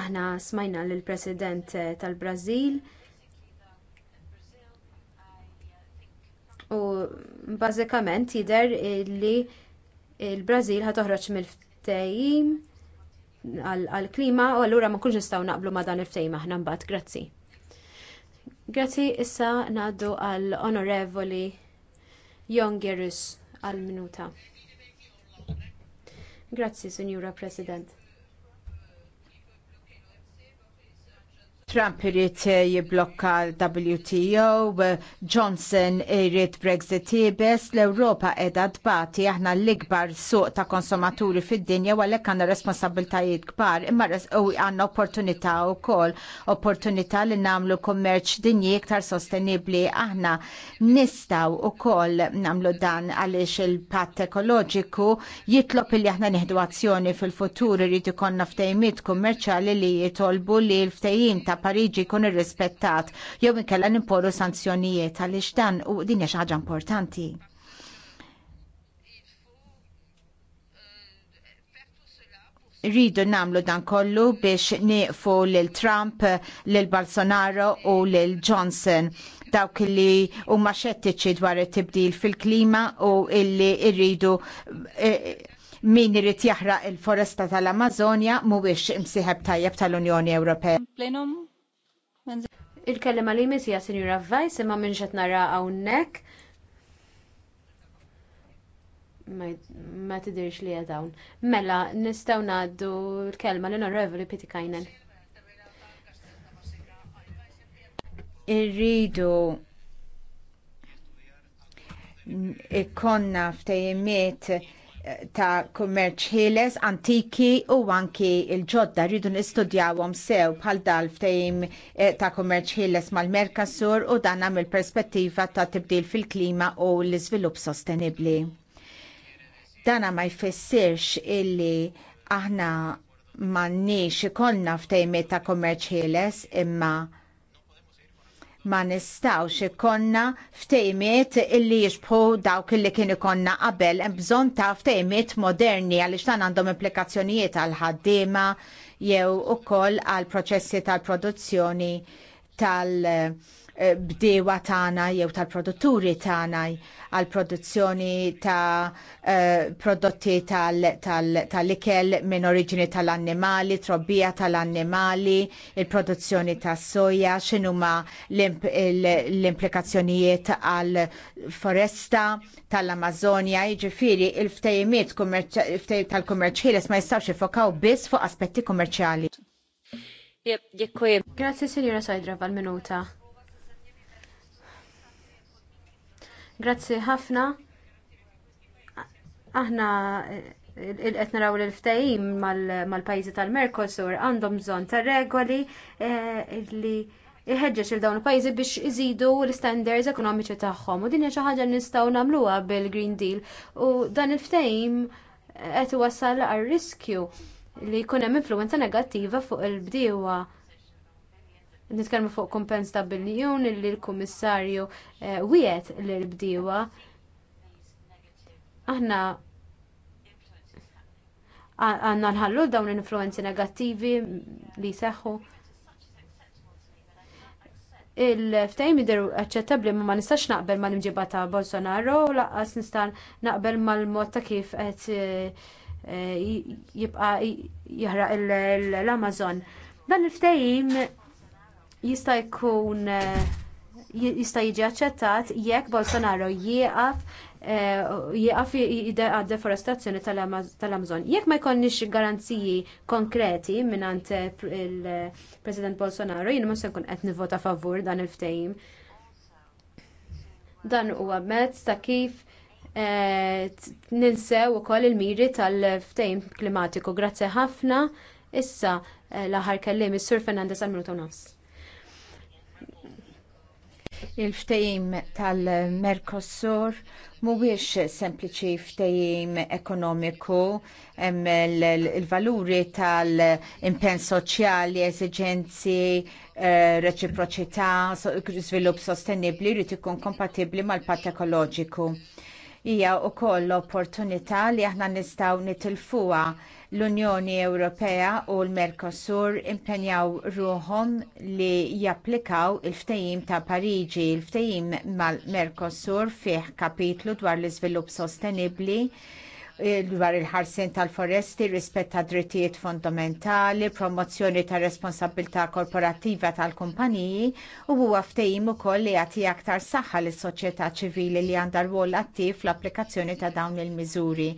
Aħna smajna lill president tal-Brażil u bażikament jidher li l brażil ħa toħroġ mill-ftehim għall-klima u allura ma nkunx nistgħu naqblu ma' dan il-ftehim aħna mbagħad. Grazzi. Grazzi issa ngħaddu għall onorevoli Jongerus għall minuta. Grazzi, Signora President. Trump irrit eh, jiblokka l-WTO, eh, Johnson irrit Brexit jibes, l-Europa edha dbati aħna l-ikbar suq ta' konsumaturi fid-dinja għalek għanna responsabiltajiet kbar, imma għanna opportunità u kol, opportunità li namlu kommerċ dinji iktar sostenibli aħna nistaw u kol namlu dan għalix il-pat ekoloġiku jitlop li aħna neħdu azzjoni fil-futur irrit ikonna ftejmiet kummerċali li jitolbu li l-ftejim ta' Pariġi jkun irrispettat jew inkella nimporu sanzjonijiet għaliex dan u din hija xi ħaġa importanti. rridu namlu dan kollu biex nieqfu lil Trump, lil Bolsonaro u lil Johnson dawk li huma xettiċi dwar it-tibdil fil-klima u illi rridu e, min irid jaħraq il-foresta tal-Amazonja mhuwiex imsieħeb tajjeb tal-Unjoni Ewropea. Il-kellem li jmissija Sinjura Vajs imma minn qed nara hawnhekk. Ma tidirx li hija dawn. Mela, nistgħu ngħaddu l-kelma l piti kajnen. Irridu ikkonna ftejimiet ta' kummerċ ħieles antiki u anki il-ġodda rridu nistudjawhom sew bħal dal ftehim eh, ta' kummerċ ħieles mal-Merkasur u dan mill perspettiva ta' tibdil fil-klima u l-iżvilupp sostenibbli. Dana ma jfissirx illi aħna m'għandniex ikollna ftehimiet ta' kummerċ ħieles imma ma nistawx ikonna ftejmiet illi jixbħu dawk illi kien ikonna qabel hemm bżonn ta' ftejmiet moderni għaliex dan għandhom implikazzjonijiet għal ħaddiema jew ukoll għal proċessi tal-produzzjoni tal-, -produzzjoni, tal Eh, bdewa tagħna jew tal-produtturi tagħna għal produzzjoni ta' eh, prodotti tal-ikel minn oriġini tal-annimali, trobbija tal-annimali, il-produzzjoni tas soja, x'inhuma l-implikazzjonijiet għal foresta tal-Amazonja, jiġifieri il-ftejmiet tal-kummerċ ma jistgħux jifokaw biss fuq aspetti kummerċjali. Grazie, Signora Sajdra, għal-minuta. Grazzi ħafna. Aħna eh, qed naraw l-ftehim mal-pajjiżi tal-Mercosur għandhom bżonn ta' regoli eh, li iħeġġeġ il dawn il-pajjiżi biex iżidu l-standards ekonomiċi tagħhom u din hija xi ħaġa nistgħu nagħmluha bil-Green Deal u dan il-ftehim qed iwassal għar riskju li jkun hemm influwenza negattiva fuq il-bdiewa nitkellmu fuq kompens ta' biljun li l-kummissarju eh, wiet l bdiewa aħna għandna nħallu dawn l-influenzi negattivi li seħħu il ftajm jidher aċċettabbli ma ma nistax naqbel mal imġiba ta' Bolsonaro u laqqas nista' naqbel mal-mod ta' kif qed eh, jibqa' jihra l-Amazon. Dan il ftajm jista' jkun eh, jista' jiġi aċċettat jekk Bolsonaro jieqaf eh, jieqaf għad deforestazzjoni tal-Amazon. Jekk ma jkollniex garanziji konkreti minant eh, il-President Bolsonaro, jien ma se nkun qed nivvota favur dan il-ftehim. Dan huwa mezz ta' kif ninsew ukoll il-miri tal-ftehim klimatiku. Grazzi ħafna. Issa l-aħħar kelliem is-Sur Fernandez għal minuta nofs il ftehim tal-Mercosur mhuwiex sempliċi ftehim ekonomiku hemm il-valuri tal-impenn soċjali, eżiġenzi, eh, reċiproċità, żvilupp sostenibbli jrid ikun kompatibbli mal-patt ekoloġiku. Hija wkoll opportunità li aħna nistgħu nitilfuha L-Unjoni Ewropea u l-Mercosur impenjaw ruhom li japplikaw il-ftehim ta' Pariġi. Il-ftehim mal-Mercosur fih kapitlu dwar l-iżvilupp sostenibbli eh, dwar il ħarsien tal-foresti, rispett ta' drittijiet fondamentali, promozzjoni ta' responsabilità korporattiva tal-kumpaniji u huwa ftehim ukoll li jagħti aktar saħħa lis soċjetà ċivili li għandha rwol attiv fl-applikazzjoni ta' dawn il-miżuri.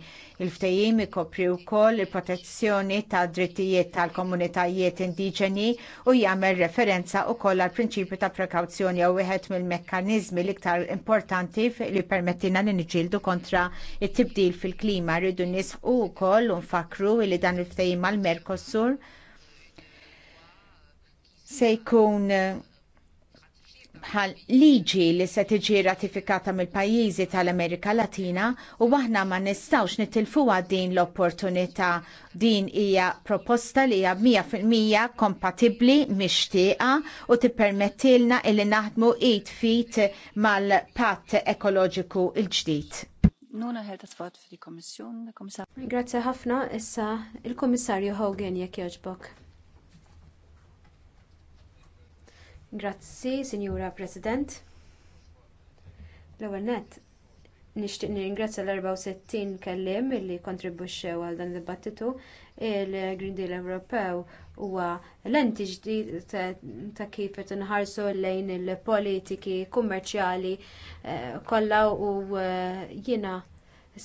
Il-ftehim ikopri wkoll il-protezzjoni ta' drittijiet tal-komunitajiet indiġeni u jagħmel referenza wkoll għall prinċipju ta' prekawzjoni jew wieħed mill-mekkaniżmi l-iktar importanti li permettina li niġġieldu kontra it-tibdil fil-klima rridu nisħu wkoll u nfakru li dan il-ftehim għall merkosur se jkun bħal liġi li se tiġi ratifikata mill-pajjiżi tal-Amerika Latina u aħna ma nistgħux nitilfuha din l-opportunità. Din hija proposta li hija 100% kompatibbli mixtieqa u tippermettilna illi naħdmu id fit mal-patt ekoloġiku l-ġdid. Nuna ħel tasfat fil-Komissjon, Grazie ħafna, issa il-Komissarju Hogan jekk jogħġbok. Grazzi, Sinjura President. L-ewwel nett nixtieq ningrazzja l-64 kelliem illi kontribwixxew għal dan id-dibattitu. Il-Green Deal Ewropew huwa l-enti ġdid ta' kif qed inħarsu lejn il-politiki kummerċjali eh, kollha u eh, jiena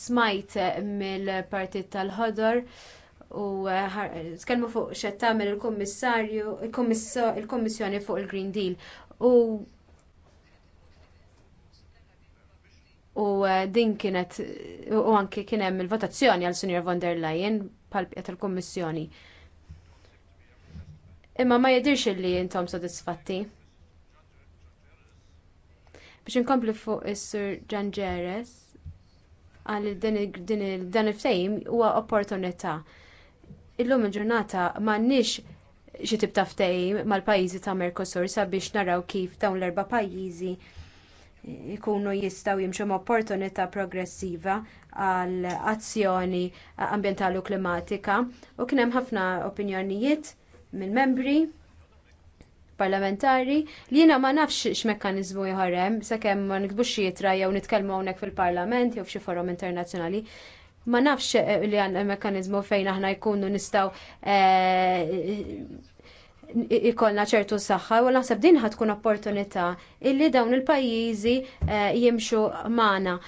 smajt mill-Partit tal-Ħodor u skellmu eh, fuq xed tagħmel il-Kummissarju il-Kummissjoni fuq il-Green Deal u u eh, din kienet u anke kien hemm il-votazzjoni għal Sinjor von der Leyen pal qiegħed il-Kummissjoni. Imma ma jidirx li intom sodisfatti biex inkompli fuq is-sur Ġanġeres għal din il fejm huwa opportunità Illum il-ġurnata m'għandniex xi tip ta' ftehim mal-pajjiżi ta' Mercosur sabiex naraw kif dawn l-erba' pajjiżi jkunu jistgħu jimxu ma' opportunità progressiva għal azzjoni ambjentali u klimatika u kien hemm ħafna opinjonijiet minn membri parlamentari li jiena ma nafx x'mekkaniżmu jħorrem sakemm ma nikbux xi jitra jew nitkellmu hawnhekk fil-Parlament jew f'xi forum internazzjonali ma nafx eh, li għan mekkaniżmu fejn aħna jkunu nistgħu eh, ikollna ċertu saħħa u naħseb din ħatkun opportunità illi dawn il-pajjiżi eh, jimxu maħna.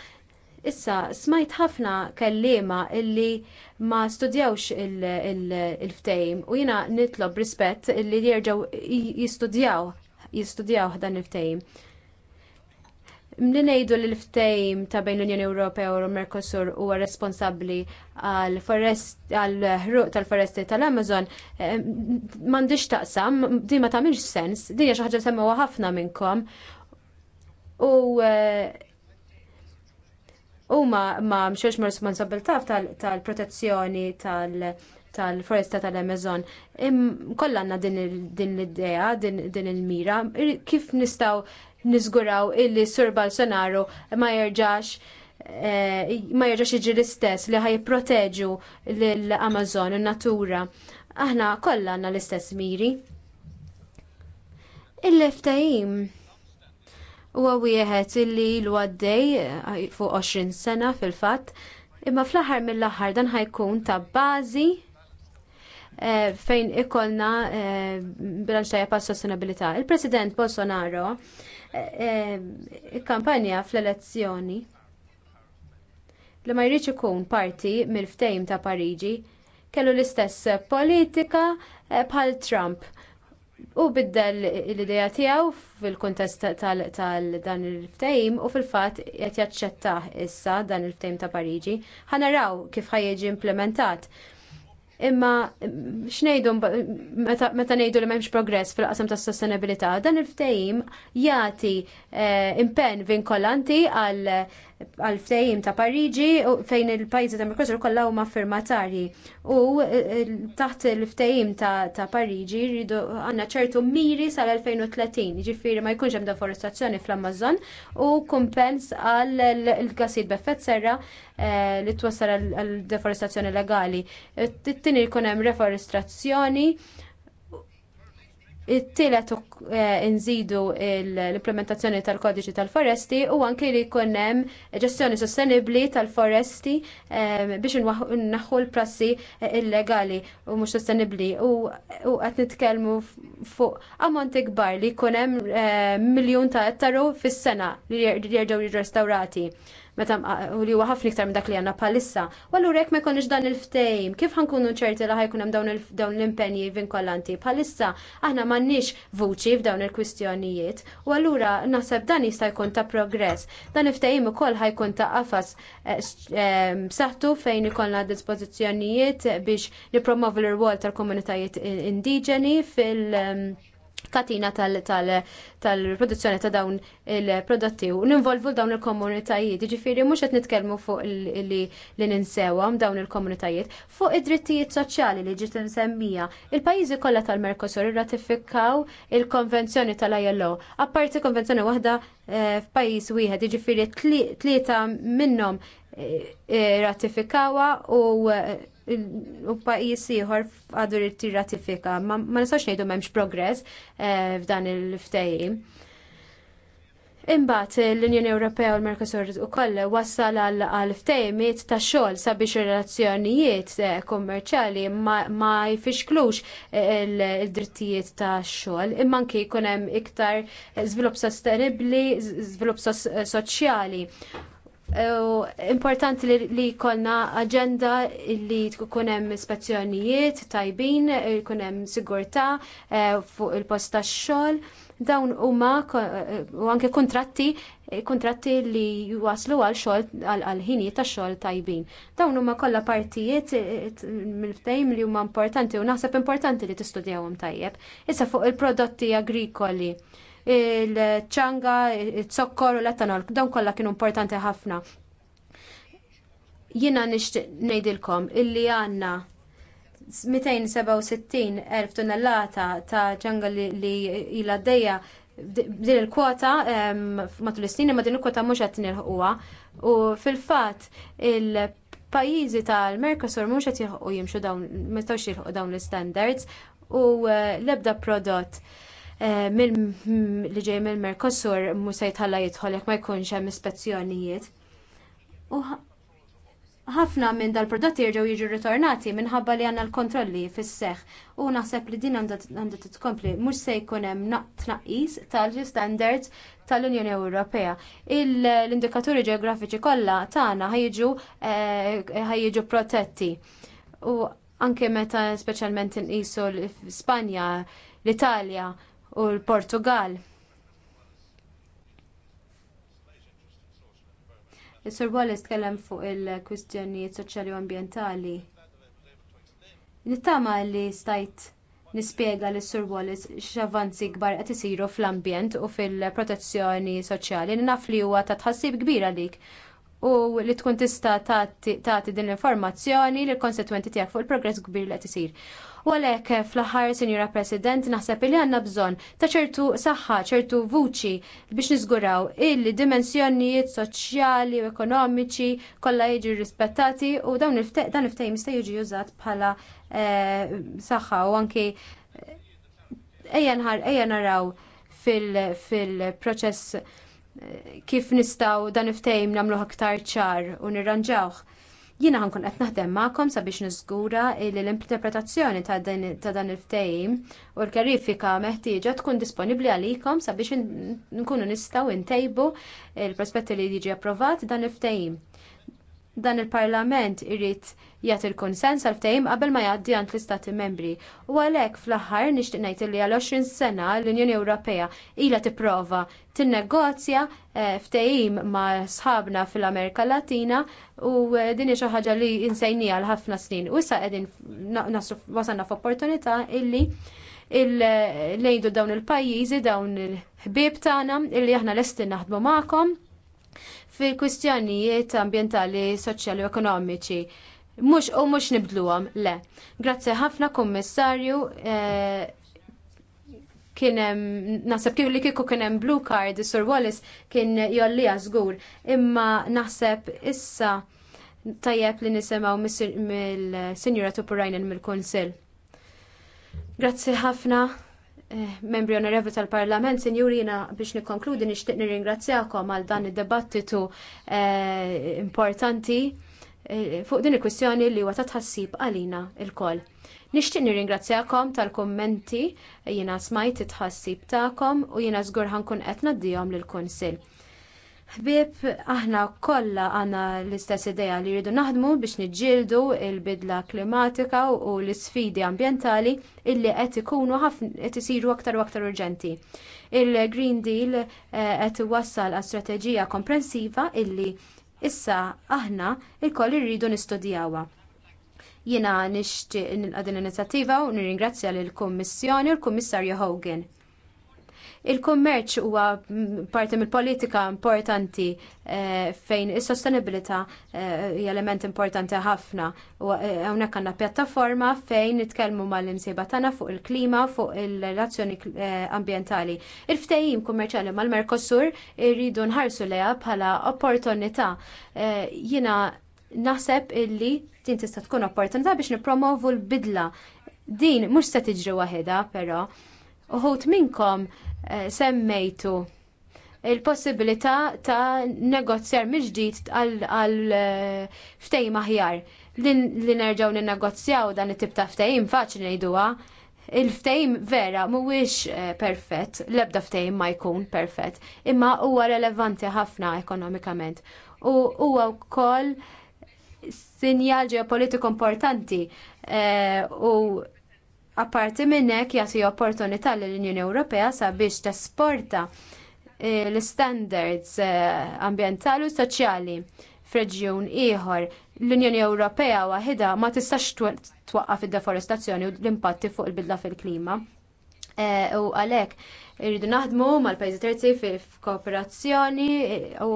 Issa, smajt ħafna kellima illi ma studjawx il-ftejm u jina nitlob rispett illi jirġaw jistudjaw, jistudjaw dan il-ftejm. Mni ngħidu li l-ftejm ta' bejn l-Unjoni Ewropea u mercosur huwa responsabbli għal ħruq tal-foresti tal-Amazon eh, m'għandix taqsam, din ma tagħmilx sens, di hija xi ħaġa għafna ħafna minnkom. U eh, huma ma mxiex ma' responsabilità tal-protezzjoni tal tal-foresta tal-Amazon. Kollha għandna din l-idea, din il-mira, kif nistgħu niżguraw illi Sur Bolsonaro ma jerġax eh, ma jerġax jiġi l-istess li ħaj proteġu l-Amazon, il-natura. Aħna kollha għandna l-istess miri. Il-leftajim huwa wieħed illi l għaddej eh, fuq 20 sena fil-fatt, imma fl-aħħar mill-aħħar dan ħajkun ta' bażi eh, fejn ikolna bilanċ tajja pa' sostenabilità. Il-President Bolsonaro Eh, kampanja fl-elezzjoni li ma jridx ikun parti mill-ftehim ta' Pariġi kellu l-istess politika eh, bħal Trump u biddel l-idea tiegħu fil-kuntest tal-dan il-ftehim u fil-fatt qed jaċċettah issa dan il-ftehim ta' Pariġi. Ħa naraw kif ħajjiġi implementat imma xnejdu meta ngħidu li m'hemmx progress fil-qasam tas sostenibilità dan il-ftehim jagħti eh, impenn vinkolanti għal għal ftehim ta' Pariġi fejn il-pajjiżi ta' Mercosur kollha huma firmatarji. U eh, eh, taħt il-ftehim ta' Pariġi rridu għandna ċertu miri sal-2030, ġifieri ma jkunx hemm deforestazzjoni fl-Amazon u kumpens għal il-gasid b'effett serra eh, li twassal għal deforestazzjoni legali. Tittini jkun hemm reforestazzjoni it-tielet eh, nżidu l-implementazzjoni tal-kodiċi tal-foresti u anke li jkun hemm ġestjoni sostenibbli tal-foresti eh, biex naħħu l-prassi eh, illegali u mhux sostenibbli u qed nitkellmu fuq ammonti kbar li jkun hemm miljun ta' ettaru fis-sena li jerġgħu jirrestawrati meta u li huwa ħafna iktar minn dak li għandna bħalissa. U allura jekk ma jkunx dan il-ftejm, kif ħankunu ċerti li ħajkun hemm dawn l-impenji vinkolanti bħalissa aħna m'għandniex vuċi f'dawn il-kwistjonijiet. U allura naħseb dan jista' jkun ta' progress. Dan il-ftejm ukoll ħajkun ta' qafas eh, eh, saħtu fejn ikollna dispożizzjonijiet biex nipromovu l-rwol tal-komunitajiet indiġeni fil- katina tal-produzzjoni ta' dawn il-prodotti u ninvolvu dawn il-komunitajiet. Ġifiri, mux għet nitkelmu fuq li ninsewam dawn il-komunitajiet. Fuq id-drittijiet soċjali li ġiet nsemmija, il-pajizi kollha tal-Merkosur irratifikaw il-konvenzjoni tal-ILO. Apparti konvenzjoni waħda eh, f'pajjiż wieħed, ġifiri tlieta minnhom eh, eh, ratifikawa u u pajjiż ieħor għadu li tirratifika. Ma nistax ngħidu m'hemmx progress eh, f'dan il-ftehim. Imbagħad eh, l-Unjoni Ewropea u l-Mercosur ukoll wassal għal ftehimiet ta' xogħol sabiex ir-relazzjonijiet eh, kummerċjali ma jfixklux il-drittijiet ta' xogħol, imma anke jkun hemm iktar żvilupp sostenibbli, żvilupp soċjali Importanti li, jkollna kolna agenda li tkun hemm ispezzjonijiet tajbin, jkun eh, hemm sigurtà eh, fuq il-post tax-xogħol. Dawn huma eh, u anke kontratti kontratti li waslu għal xogħol għal ħinijiet tax xogħol tajbin. Dawn huma kollha partijiet mill-ftehim li huma importanti u naħseb importanti li tistudjawhom tajjeb. Issa fuq il-prodotti agrikoli il-ċanga, il-zokkor u l-etanol, dawn kollha kienu importanti ħafna. Jiena nixtieq ngħidilkom illi għandna 267,000 tonnellata ta' ċanga li ilha dejja din il-kwota matul is-snin imma din il-kwota mhux qed nilħquha u fil-fatt il pajjiżi tal-Mercosur mhux qed jilħqu jimxu dawn ma jistgħux jilħqu dawn l-standards u eh, l-ebda prodott Eh, li ġej mill-Mercosur mhux se jitħalla jidħol jekk ma jkunx hemm ispezzjonijiet. U ħafna minn dal-prodotti jerġgħu jiġu ritornati minħabba li għandna l-kontrolli fis-seħħ u naħseb li din għandha titkompli mhux se jkun hemm tnaqqis tal-standards tal-Unjoni Ewropea. L-indikaturi ġeografiċi kollha tagħna ħajjiġu eh, protetti. U anke meta speċjalment inqisu l ispanja l-Italja, u l-Portugal. Is-Sur Wallace tkellem fuq il-kwistjonijiet soċjali u ambjentali. Nittama li stajt nispjega lis sur Wallis x'avvanzi kbar qed isiru fl-ambjent u fil-protezzjoni soċjali. Naf li huwa ta' tħassib kbir għalik u li tkun tista' tagħti din l-informazzjoni li konsekwenti tiegħek fuq il-progress kbir li qed isir. U għalhekk fl-aħħar, Sinjura President, naħseb li għandna bżonn ta' ċertu saħħa, ċertu vuċi biex niżguraw illi dimensjonijiet soċjali u ekonomiċi kollha jiġu rispettati u dawn il-ftehim jista' jiġi użat bħala eh, saħħa u anke eh, ejja naraw fil-proċess kif nistgħu dan iftejm nagħmlu aktar ċar u nirranġawh jina ħankun qed naħdem magħkom sabiex niżgura li l-interpretazzjoni ta' dan il-ftehim u l-karifika meħtieġa tkun disponibbli għalikom sabiex nkunu nistgħu ntejbu l prospetti li jiġi approvat dan il-ftehim dan il-Parlament irid jagħti l-konsens għal ftehim qabel ma jgħaddi għand l-Istati Membri. U għalhekk fl-aħħar nixtieq ngħid li għal 20 sena l-Unjoni Ewropea ilha tipprova tinnegozja eh, ftehim ma' sħabna fil-Amerika Latina u eh, din hi xi ħaġa li insejnija għal ħafna snin. U issa qegħdin wasalna f'opportunità illi il-lejdu dawn il-pajjiżi dawn il-ħbieb tagħna illi aħna lesti naħdmu magħkom fil-kwistjonijiet ambjentali, soċjali u ekonomiċi. Mhux u mhux nibdluhom, le. Grazzi ħafna kummissarju eh, kien hemm naħseb kif li kieku kien hemm blue card Sur Wallis kien jollija żgur, imma naħseb issa tajjeb li nisimgħu mill-Sinjura Tupurajnen mill-Kunsill. Grazzi ħafna. Eh, membri onorevoli tal-Parlament, sinjurina biex nikkonkludi nixtieq nirringrazzjakom għal dan id-debattitu eh, importanti eh, fuq din il-kwistjoni li huwa ta' tħassib għalina il-koll. Nixtieq nirringrazzjakom tal-kummenti jiena smajt it ħassib tagħkom u jiena żgur ħankun qed dijom lill-Kunsill. Ħbieb aħna kollha għandna l-istess idea li rridu naħdmu biex niġġieldu l bidla klimatika u l isfidi ambjentali illi qed ikunu qed isiru aktar u aktar urġenti. Il-Green Deal eh, qed iwassal għal strateġija komprensiva illi issa aħna lkoll irridu nistudjawha. Jiena nixtieq din l-inizjattiva u nirringrazzja lill-Kummissjoni u l-Kummissarju Hogan Il-kummerċ huwa parti mill-politika importanti eh, fejn is-sostenibilità eh, hija element importanti ħafna. U eh, hawnhekk għandna pjattaforma fejn nitkellmu mal-imsieba tagħna fuq il-klima, fuq il-relazzjoni ambjentali. Il-ftehim kummerċjali mal-Mercosur irridu nħarsu leha bħala opportunità. Jiena naħseb illi din tista' tkun opportunità biex nippromovu l-bidla. Din mhux se tiġri waħedha, però uħut minnkom uh, Eh, semmejtu il-possibilità ta' negozjar mill-ġdid għal eh, ftejim aħjar. Li nerġgħu ninnegozjaw dan it-tip ta' ftejim faċli ngħiduha. Il-ftejim vera mhuwiex eh, perfett, l-ebda ftehim ma jkun perfett, imma huwa relevanti ħafna ekonomikament. U huwa wkoll sinjal ġeopolitiku importanti u Apparti minn hekk jagħti opportunità lill-Unjoni Ewropea sabiex tesporta eh, l-standards eh, ambjentali u soċjali f'reġjun ieħor. L-Unjoni Ewropea waħedha ma tistax twaqqaf id-deforestazzjoni u l-impatti fuq il-bidla fil-klima. Eh, u għalhekk irridu naħdmu mal-pajjiżi terzi f'kooperazzjoni u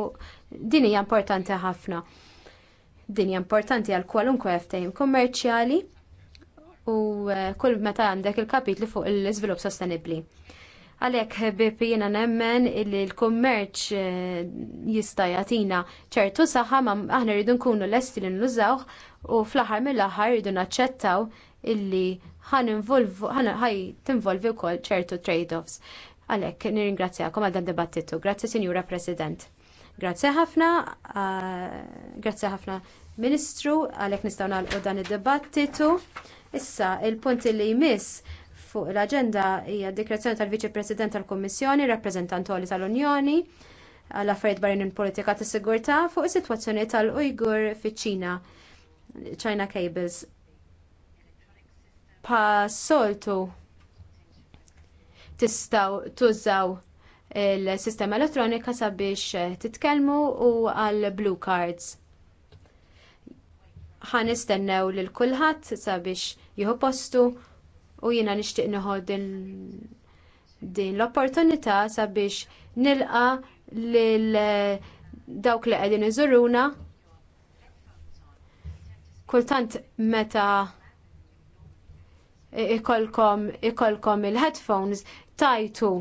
din hija importanti ħafna. Din hija importanti għal kwalunkwe ftehim kummerċjali u eh, kull meta għandek il-kapitlu fuq l-iżvilupp sostenibbli. Għalhekk bibi jena nemmen li l-kummerċ eh, jista' jagħtina ċertu saħħa ma aħna rridu nkunu lesti li nużawh u fl-aħħar mill-aħħar rridu naċċettaw illi ħaj tinvolvi wkoll ċertu trade-offs. Għalhekk nirringrazzjakom għal dan dibattitu. Grazzi Sinjura President. Grazzi ħafna, grazzi ħafna Ministru, għalhekk nistgħu nagħlqu dan id-dibattitu. Issa, il-punt li jmiss fuq l aġenda hija d dikrazzjoni tal-Viċi President tal-Kummissjoni, rappreżentanti tal-Unjoni għal affarijiet barranin politika tas sigurtà fuq is-sitwazzjoni tal-Ujgur fiċ-Ċina, China Cables. Pa soltu tistgħu tużaw il-sistema elettronika sabiex titkellmu u għal blue cards. Ħanistennew lil kulħadd sabiex jieħu postu u jiena nixtieq nieħu din l-opportunità sabiex nilqa lil dawk li qegħdin iżuruna kultant meta ikolkom il-headphones tajtu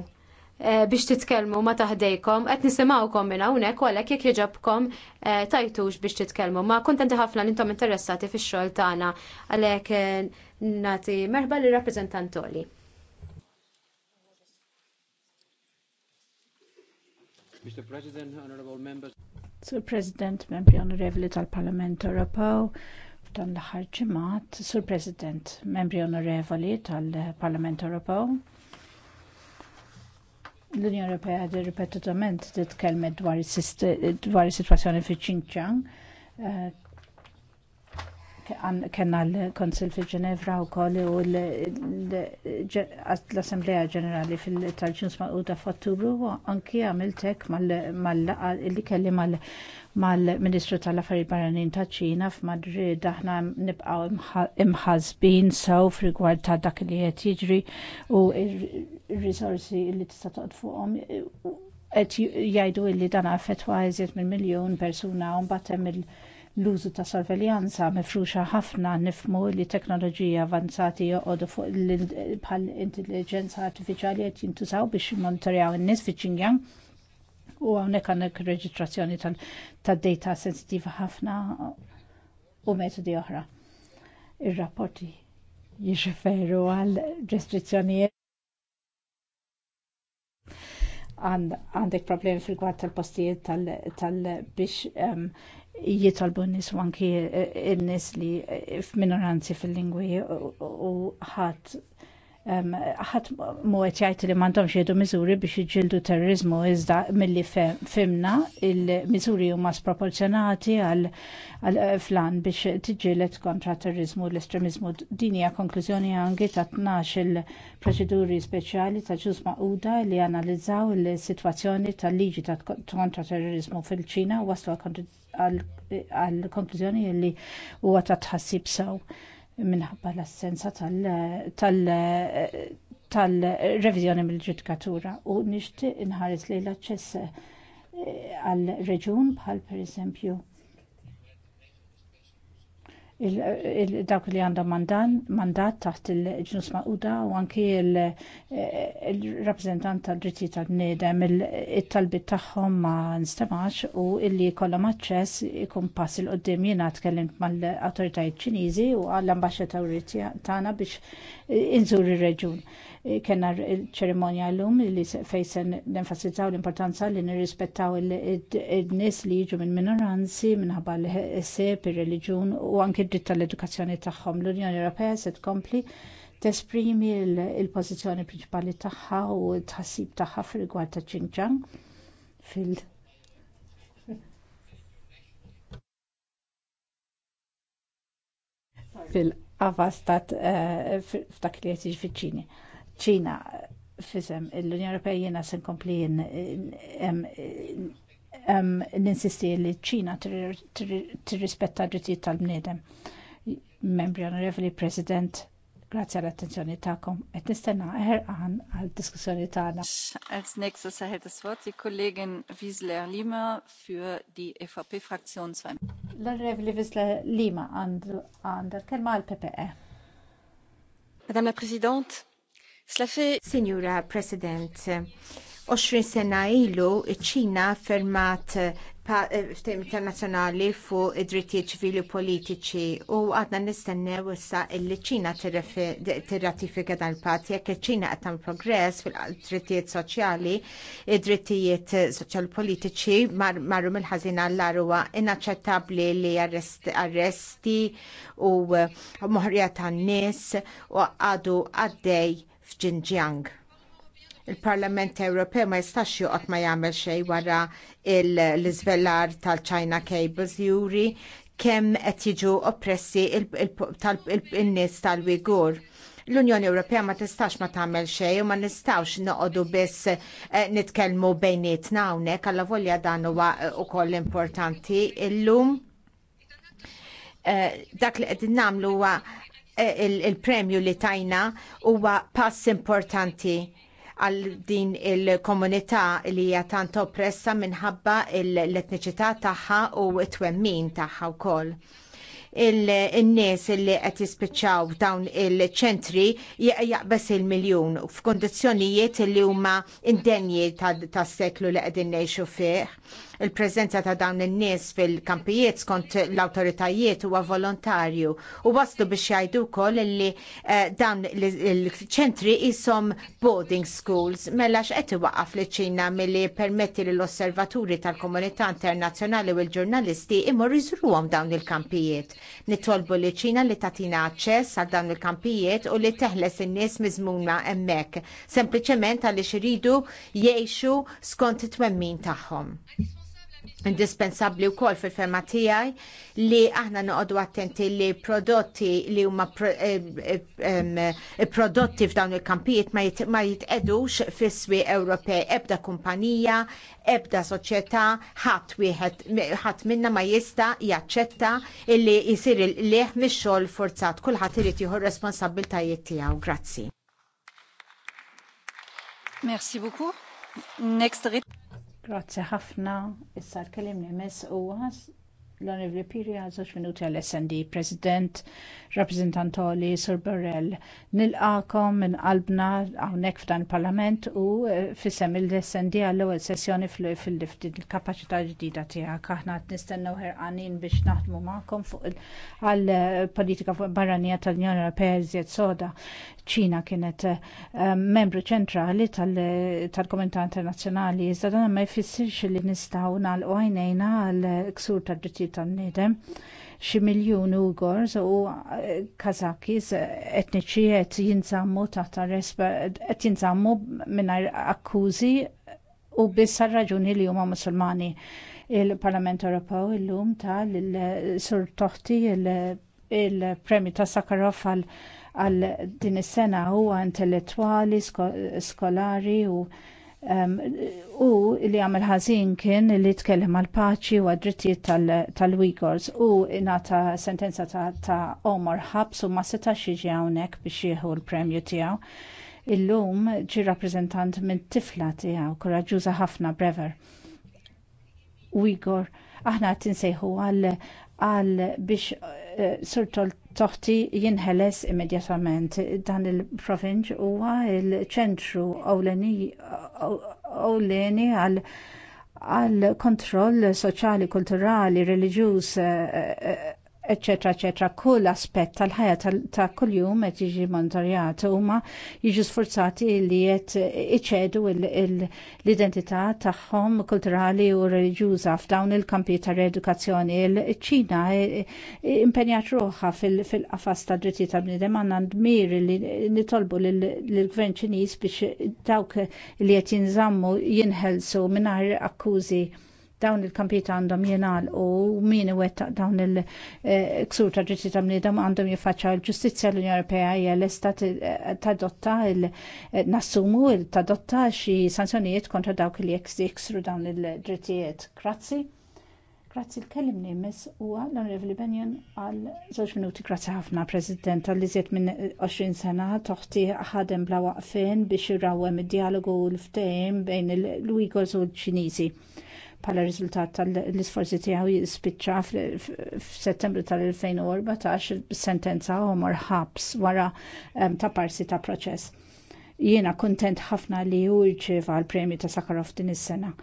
Eh, biex titkellmu ma taħdejkom, qed nisimgħukom minn hawnhekk u għalhekk jekk jġobkom eh, tajtux biex titkellmu. Ma kuntenti ħafna li intom interessati fix-xogħol tagħna għalhekk eh, nagħti merħba lir rappreżentantoli. Mr. President, Honorable Members. Sir President, membri onorevoli tal-Parlament Ewropew, f'dan l-aħħar ġimgħat, Sur President, membri onorevoli tal-Parlament Ewropew, l-Unjoni Ewropea għad ripetutament titkellmet dwar is-sitwazzjoni fiċ-Xinjiang eh, kena l-Konsil fi Ġenevra wkoll u l-Assemblea Ġenerali tal-Ġuns Maquda f'Ottubru anki għamilt hekk mal li kelli mal-Ministru tal affari Barranin taċ Ċina f'Madrid aħna nibqaw imħazbin sew f'rigward ta' dak li qed jiġri u r-risorsi li tista' toqgħod fuqhom qed jgħidu li dan affettwa iżjed minn miljun persuna u mbagħad hemm L-użu ta' sorveljanza mifruxa ħafna nifmu li teknoloġija avanzati joqogħdu fuq l intelligenza artifiċjali qed jintużaw biex jimmontorjaw in-nies fi u hawnhekk għandek reġistrazzjoni tad-data sensittiva ħafna u metodi oħra. Ir-rapporti jirreferu għal restrizzjonijiet għandek problemi fil-kwad tal-postijiet tal-biex ehm, jitalbu n-nis wanki n-nis li minoranzi fil-lingwi u ħadd ħadd mu qed jgħid li m'għandhomx xiedu miżuri biex iġildu terrorizmu iżda milli fimna il-miżuri huma sproporzjonati għal eh, flan biex tiġilet kontra terrorizmu u l-estremizmu. Din hija konklużjoni għangi ta' tnax il-proċeduri speċjali ta' ġuż maquda li analizzaw il-sitwazzjoni tal-liġi ta' kontra terrorizmu fil-Ċina u waslu għal konklużjoni li huwa ta' tħassib sew minħabba l-assenza tal-revizjoni mill-ġudikatura u nixtieq inħares li l-aċċess eh, għal reġun bħal pereżempju dawk li għandhom mandat taħt il-ġnus maquda u anki il-rappresentant tal dritti tal nedem il talbit tagħhom ma nistamax u illi jkollhom aċċess ikun pass il qudiem jena tkellimt mal-awtoritajiet Ċiniżi u għall-ambaxxaturi tagħna biex inżur ir-reġun. Eh, Kenna ċerimonja l-lum li fejsen nenfasizzaw enfasizzaw l-importanza li nirrispettaw il-nis li jiġu minn minoranzi minħabba l sep ir-reliġjun u anki dritta l tal-edukazzjoni tagħhom. L-Unjoni Ewropea se tkompli tesprimi il-pożizzjoni principali tagħha u tħassib tagħha fir-rigward ta' Xinjiang fil- fil- avastat eh, f'dak li qed fiċ-Ċini. ċina fisem l-Unjoni Ewropea jiena se nkompli eh, ninsisti li ċina tirrispetta d-drittijiet tal-bniedem. Membri Onorevoli President, Grazie għall attenzjoni tagħkom qed nistenna eħer ħerqan għal diskussjoni tagħna. Als nächstes erhält das Wort die Kollegin Wiesler Lima für die EVP Fraktion 2. L-Onorevoli Wiesler Lima għandha kelma għal PPE. Madame la Présidente, cela fait Signora President, 20 sena ilu ċina fermat Eh, ftehim internazzjonali fuq id-drittijiet ċivili u politiċi u għadna nistennew issa illi ċina tirratifika dan il-patt jekk iċ-Ċina qed tagħmel progress fil-drittijiet soċjali, id-drittijiet soċjali politiċi marru mill-ħażin għall huwa inaċċettabbli li arresti u moħrija tan-nies u għadu għaddej f'Xinjiang il-Parlament Ewropew ma jistax joqgħod ma jagħmel xejn wara l-iżvelar tal-China Cables juri kemm qed jiġu oppressi il-nies tal-Wigur. L-Unjoni Ewropea ma tistax ma tagħmel xejn u ma nistax noqogħdu biss eh, nitkellmu bejnietna hawnhekk alla volja dan huwa eh, ukoll importanti illum. Eh, dak li qegħdin nagħmlu huwa il-premju li tajna huwa pass importanti għal din il-komunità li hija tant oppressa minħabba l-etniċità tagħha u t-twemmin tagħha wkoll il-nies li qed jispiċċaw dawn il-ċentri jaqbes il-miljun il li huma indenji tas-seklu li qegħdin ngħixu fih. il prezenza ta' dawn in-nies fil-kampijiet skont l-awtoritajiet huwa volontarju u waslu biex jgħidu wkoll li eh, dawn il-ċentri jisom boarding schools mela x'qed iwaqqaf li ċina milli permetti lill osservaturi tal-komunità internazzjonali u l-ġurnalisti imur jżurruhom dawn il-kampijiet. Nitolbu li ċina li tatina aċċess għal dawn il-kampijiet u li teħles in-nies miżmuna hemmhekk, sempliċement għaliex iridu jgħixu skont it-twemmin tagħhom indispensabbli wkoll fil-ferma tiegħi li aħna noqogħdu attenti li prodotti li huma eh, eh, eh, prodotti f'dawn il-kampijiet ma jitqedux fis-swieq Ewropej ebda kumpanija, ebda soċjetà, ħadd wieħed ħadd minna ma jista' jaċċetta illi jsir il-leħ mix-xogħol forzat kulħadd irid jieħu responsabbiltajiet tiegħu. Grazzi. Merci beaucoup. Next Grazzi ħafna, issa l-kelim li mis u għas l-Onorevoli Piri għal minuti għal-SND, President, Rappresentantoli, Sir Borrell. nil-għakom minn qalbna hawnhekk f'dan il-Parlament u eh, fissem il-SND għall-ewwel sessjoni fil-liftin il-kapaċità ġdida tiegħek. Aħna qed nistennew ħerqanin biex naħdmu maħkom fuq għall-politika barranija tal-Unjoni Europea iżjed soda. Ċina kienet eh, membru ċentrali tal-Komunità Internazzjonali, iżda dan ma jfissirx li nistgħu nagħlqu għajnejna għal ksur tad ġdida drittijiet tan-nidem xi miljun Ugors u eh, Kazakis etniċi qed jinżammu taħt arrest qed jinżammu mingħajr akkużi u biss raġuni li huma Musulmani. Il-Parlament Ewropew illum tal sur Toħti il-premju ta' Sakharov għal din is-sena huwa intellettwali, skolari u Um, u li għamil ħażin kien li tkellem għal paċi u għadrittijiet drittijiet tal-Uyghurs tal u inata sentenza ta', ta Omar Habs u ma setax jiġi hawnhekk biex jieħu l-premju tiegħu. Illum ġi rappresentant minn tifla tiegħu koraġuża ħafna brever. Uyghur aħna tinsejħu għal għal biex eh, surtol toħti jinħeles immedjatament. Dan il-provinċ huwa l ċentru ewleni għal għal kontroll soċjali, kulturali, reliġjuż eh, eh, eccetera, eccetera, kull aspett tal-ħajja ta', kuljum qed jiġi monitorjat huma jiġu sforzati li qed iċedu l-identità tagħhom kulturali u reliġjuża f'dawn il-kampi ta' reedukazzjoni. Il-Ċina impenjat ruħha fil-qafas ta' dritti ta' bniedem għandna dmir li nitolbu lill-gvern Ċiniż biex dawk li qed jinżammu jinħelsu mingħajr akkużi dawn il kampita għandhom jenal u min iwettaq dawn il-ksur eh, ta' ġitti ta' mnidam għandhom jifacċa l ġustizja l-Unjoni Ewropea hija lesta eh, tadotta eh, nassumu tadotta xi sanzjonijiet kontra dawk li jeksru dawn il-drittijiet. Grazzi. Grazzi l-kellim li u huwa l-Onorevoli Benjon għal żewġ minuti grazzi ħafna President għal iżjed minn 20 sena toħti ħadem bla waqfien biex irawwem id-dialogu l-ftehim bejn l-Uyghurs u l-Ċiniżi Bħala riżultat tal-isforzi tiegħu jispiċċa f'Settembru tal-2014 sentenza għomor ħabs wara ta' parsi ta' proċess. Jiena kuntent ħafna li hu rċieva l-premju ta' Sakharov din is-sena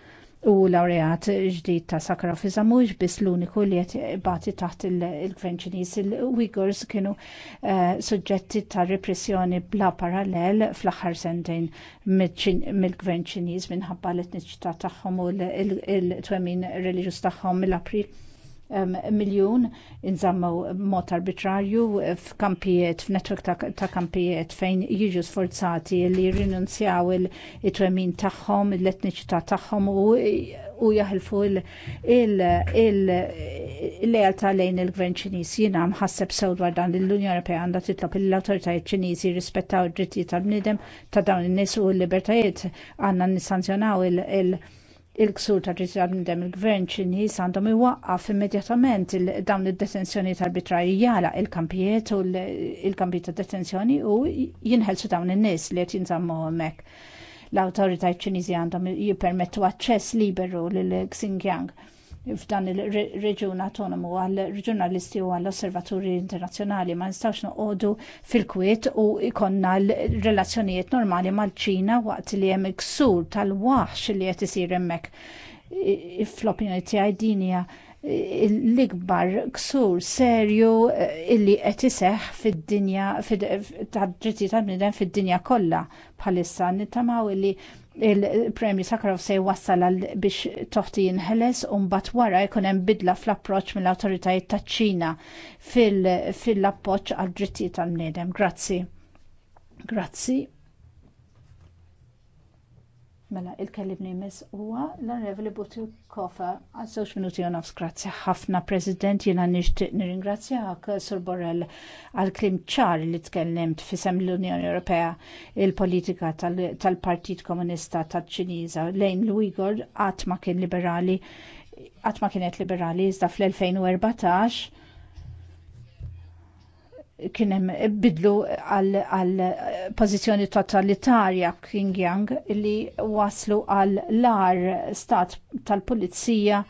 U laureat ġdid ta' Sakharofizza mhux biss l-uniku li qed bati taħt il-Gvern Ċiniż il-Uyghurs kienu eh, suġġetti ta' repressjoni bla parallel fl-aħħar sentejn mill-Gvern Ċiniż minħabba l-etniċità tagħhom u l-twemmin reliġjuż tagħhom mill-April miljun inżammu mod arbitrarju f'kampijiet, f'netwerk ta' kampijiet fejn jiġu sforzati li jirrinunzjaw il-twemmin tagħhom, l-etniċità tagħhom u jaħilfu il-lealtà lejn il-gvern Ċiniż. Jiena mħasseb sew dwar dan l-Unjoni Ewropea għandha titlob l-awtoritajiet Ċiniżi rispettaw id-drittijiet tal-bniedem ta' dawn in-nies u l-libertajiet għandna nissanzjonaw il- il-ksur ta' ġizja bnidem il-gvern Ċiniż għandhom iwaqqaf immedjatament dawn id-detenzjoni tal-bitraji jala il-kampijiet u il-kampijiet ta' detenzjoni u jinħelsu dawn in-nies li qed jinżammu hemmhekk. L-awtoritajiet ċiniżi għandhom jippermettu aċċess liberu lil Xinjiang f'dan il-reġjun autonomu għal ġurnalisti u għall osservaturi internazzjonali ma nistawx noqogħdu fil-kwiet u ikonna l-relazzjonijiet normali mal-Ċina waqt li hemm iksur tal-waħx li qed isir hemmhekk. Fl-opinjoni tiegħi din hija l-ikbar ksur serju eh, illi qed iseħħ fid-dinja tad-drittijiet tal-bniedem fid-dinja kollha bħalissa nittamaw illi il-premju Sakharov se jwassal għal biex toħti jinħeles u mbagħad wara jkun hemm bidla fl-approċċ mill-awtoritajiet taċ-Ċina fil-appoġġ għal drittijiet tal-bniedem. Grazzi. Grazzi. Mela, il-kellimni jmiss huwa l-Onorevoli Butikova għal żewġ minuti u nofs grazzi ħafna President jiena nixtieq nirringrazzjak Sur Borrell għal klim ċar li tkellimt fisem l-Unjoni Ewropea il-politika tal-Partit Komunista tal-Ċiniża lejn l-Uigur qatt ma kien liberali qatt ma kienet liberali iżda fl-2014 kienem bidlu għal pozizjoni totalitarja Xinjiang li waslu għal lar stat tal-pulizija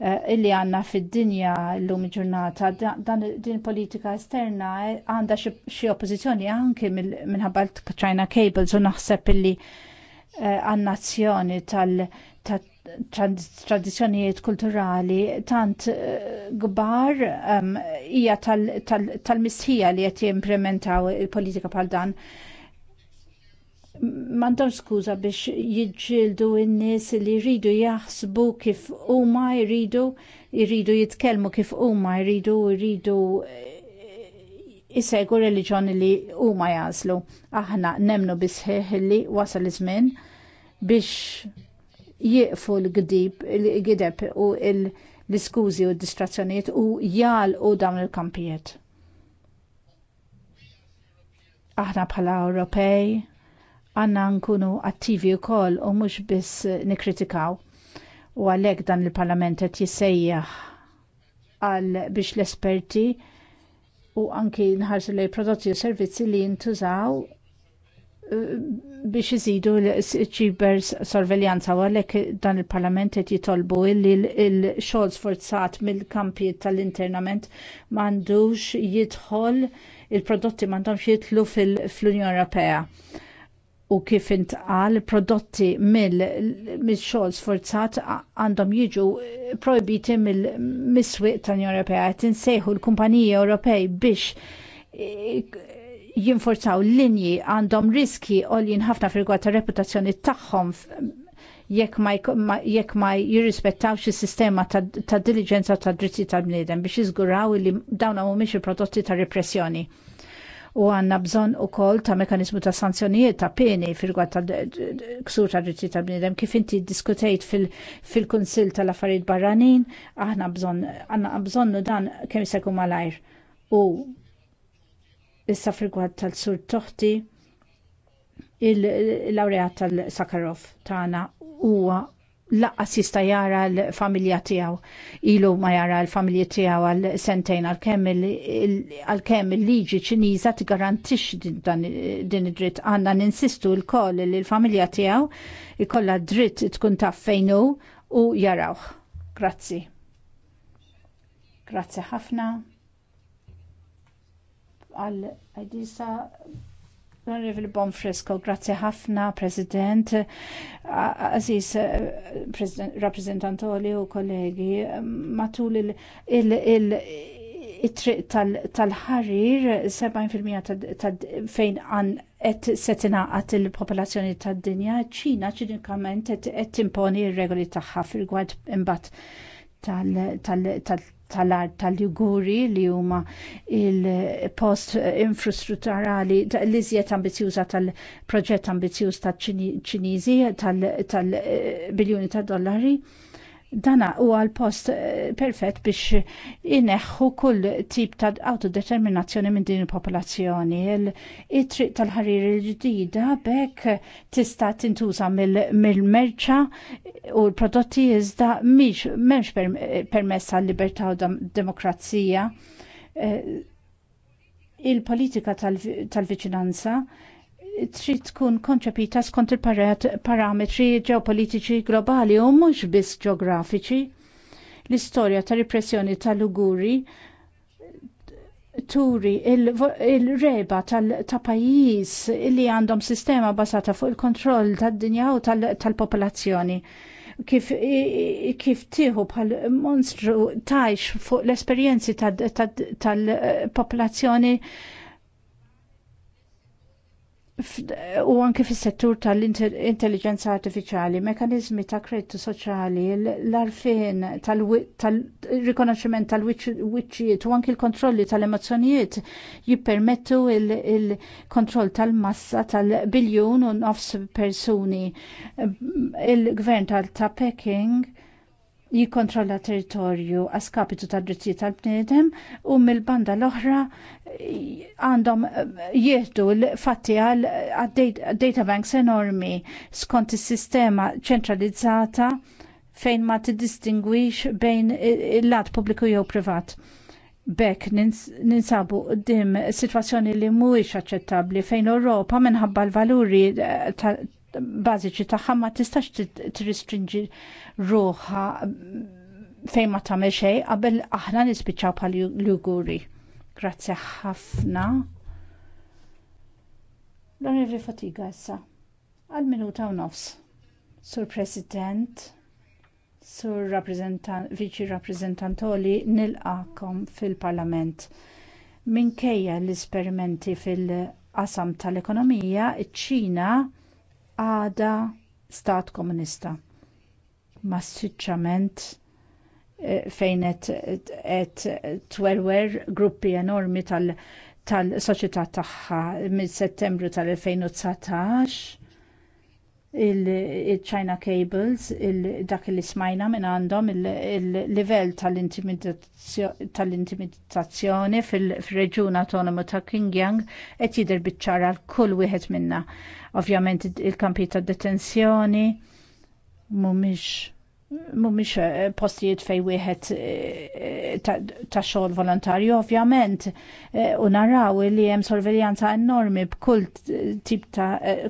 illi eh, għanna fid-dinja l-lum ġurnata. Dan din politika esterna għanda xie oppozizjoni anki minħabba China Cables u naħseb illi eh, għannazzjoni tal- uh, tradizzjonijiet kulturali tant eh, gbar hija tal-mistħija li qed jimplementaw il-politika bħal dan. M'għandhom skuża biex jiġġieldu n-nies li jridu jaħsbu kif huma jridu, jridu jitkellmu kif huma jridu, jridu jisegu eh, reliġjoni li huma jażlu. Aħna nemnu bisħeħ li wasal iż-żmien biex jieqfu l-gdib, l-gideb u l-iskużi u d-distrazzjoniet u jgħalqu dawn il-kampijiet. Aħna bħala Ewropej għanna nkunu attivi u koll u mux biss nikritikaw u għalek dan il-parlament qed jissejjaħ għal biex l-esperti u anki nħarsu l prodotti u servizzi li jintużaw biex iżidu l-ċiber sorveljanza u għalhekk dan il-parlament qed jitolbu li l-xogħol sforzat mill-kampi tal-internament m'għandux jidħol il-prodotti m'għandhomx jidħlu fil-Unjoni Ewropea u kif intqal prodotti mill-xogħol sforzat għandhom jiġu projbiti mill-miswiq tal-Unjoni Ewropea qed insejħu l-kumpaniji Ewropej biex jinforzaw linji għandhom riski għoljin ħafna fil għata reputazzjoni tagħhom jekk ma, jek ma jirrispettawx is-sistema ta', ta diligenza ta' dritti tal-bniedem biex jiżguraw li dawn mhumiex il-prodotti ta' repressjoni u għanna bżon u kol ta' mekanizmu ta' sanzjonijiet ta' peni fil ta' ksur ta' dritti ta' bnidem kif inti diskutejt fil-Kunsil tal-Affarijiet Barranin, aħna bżon, għanna dan kemm se jkun malajr. U Issa frigwad tal-sur toħti il-laureat tal-Sakarov tagħna huwa laqas jista' jara l-familja tiegħu. Ilu ma jara l-familja tiegħu għal sentejn għalkemm il-liġi ċiniża tigarantix din id-dritt. Għandna ninsistu l-koll li l-familja tiegħu ikollha dritt tkun taf fejn hu u jarawh. Grazzi. Grazzi ħafna għal Edisa Honorable Bon Fresco, grazie ħafna, President, Aziz, eh, rappresentantoli u kollegi, matul il-triq tal-ħarir, 70% fejn għan et setina għat il-popolazzjoni tad-dinja, ċina ċinikament et imponi il-regoli taħħa fil-gwad imbat tal- tal-art tal-Juguri li huma il-post infrastrutturali l-iżjed ambizjuża tal-proġett ambizjuż tal-Ċiniżi tal-biljuni eh, ta' dollari Dana huwa l-post eh, perfett biex ineħħu kull tip ta' autodeterminazzjoni minn din il-popolazzjoni. Il-triq tal-ħarir il-ġdida bekk tista' tintuża mill-merċa u l-prodotti iżda mhix permessa l-libertà u demokrazija eh, il-politika tal-viċinanza tal trid tkun konċepita skont il-parametri ġeopolitiċi globali u mhux biss ġeografiċi. L-istorja ta' repressjoni tal-Uguri turi il-reba ta' pajjiż li għandhom sistema basata fuq il-kontroll tad-dinja u tal-popolazzjoni. Kif, kif tiħu bħal monstru tajx fuq l-esperienzi tal-popolazzjoni tal, tal popolazzjoni u anke fis-settur tal-intelligenza artifiċjali, mekanizmi ta' kreditu soċjali, l-arfin tal-rikonoxximent tal-wiċċijiet u anke l-kontrolli tal-emozzjonijiet jippermettu il-kontroll tal-massa tal-biljun u nofs persuni. Il-gvern tal-ta' Peking jikkontrolla territorju għaskapitu tad drittijiet tal-bnedem u mill-banda l-oħra eh, għandhom eh, jieħdu l-fatti għal databanks enormi skont is-sistema ċentralizzata fejn ma tiddistingwix bejn eh, il-lat pubbliku jew privat. Bek ninsabu dim situazzjoni li mhuwiex aċċettabbli fejn Ewropa minħabba l-valuri bażiċi tagħha ma tistax tirristringi ruħa mm, fejn ma tagħmel xejn qabel aħna nispiċċaw bħal luguri. Grazzi ħafna. l ir Fatiga issa. Għal minuta u nofs. Sur President, Sur Viċi Rappreżentantoli nilqakom fil-Parlament. Minkejja l-esperimenti fil-qasam tal-ekonomija, iċ-Ċina għada stat komunista massiċċament eh, fejn qed twelwer gruppi enormi tal- tal-soċjetà tagħha minn Settembru tal-2019 il-China Cables, dak li smajna minn għandhom il-livell tal-intimidazzjoni fil-reġjun autonomu ta' Xinjiang qed jidher biċ-ċara l kull wieħed minnha. Ovvjament il-kampi tad detenzjoni, mumiex mumiex eh, postijiet fej wieħed eh, ta', xogħol volontarju ovvjament eh, u naraw li hemm sorveljanza enormi b'kull tip ta'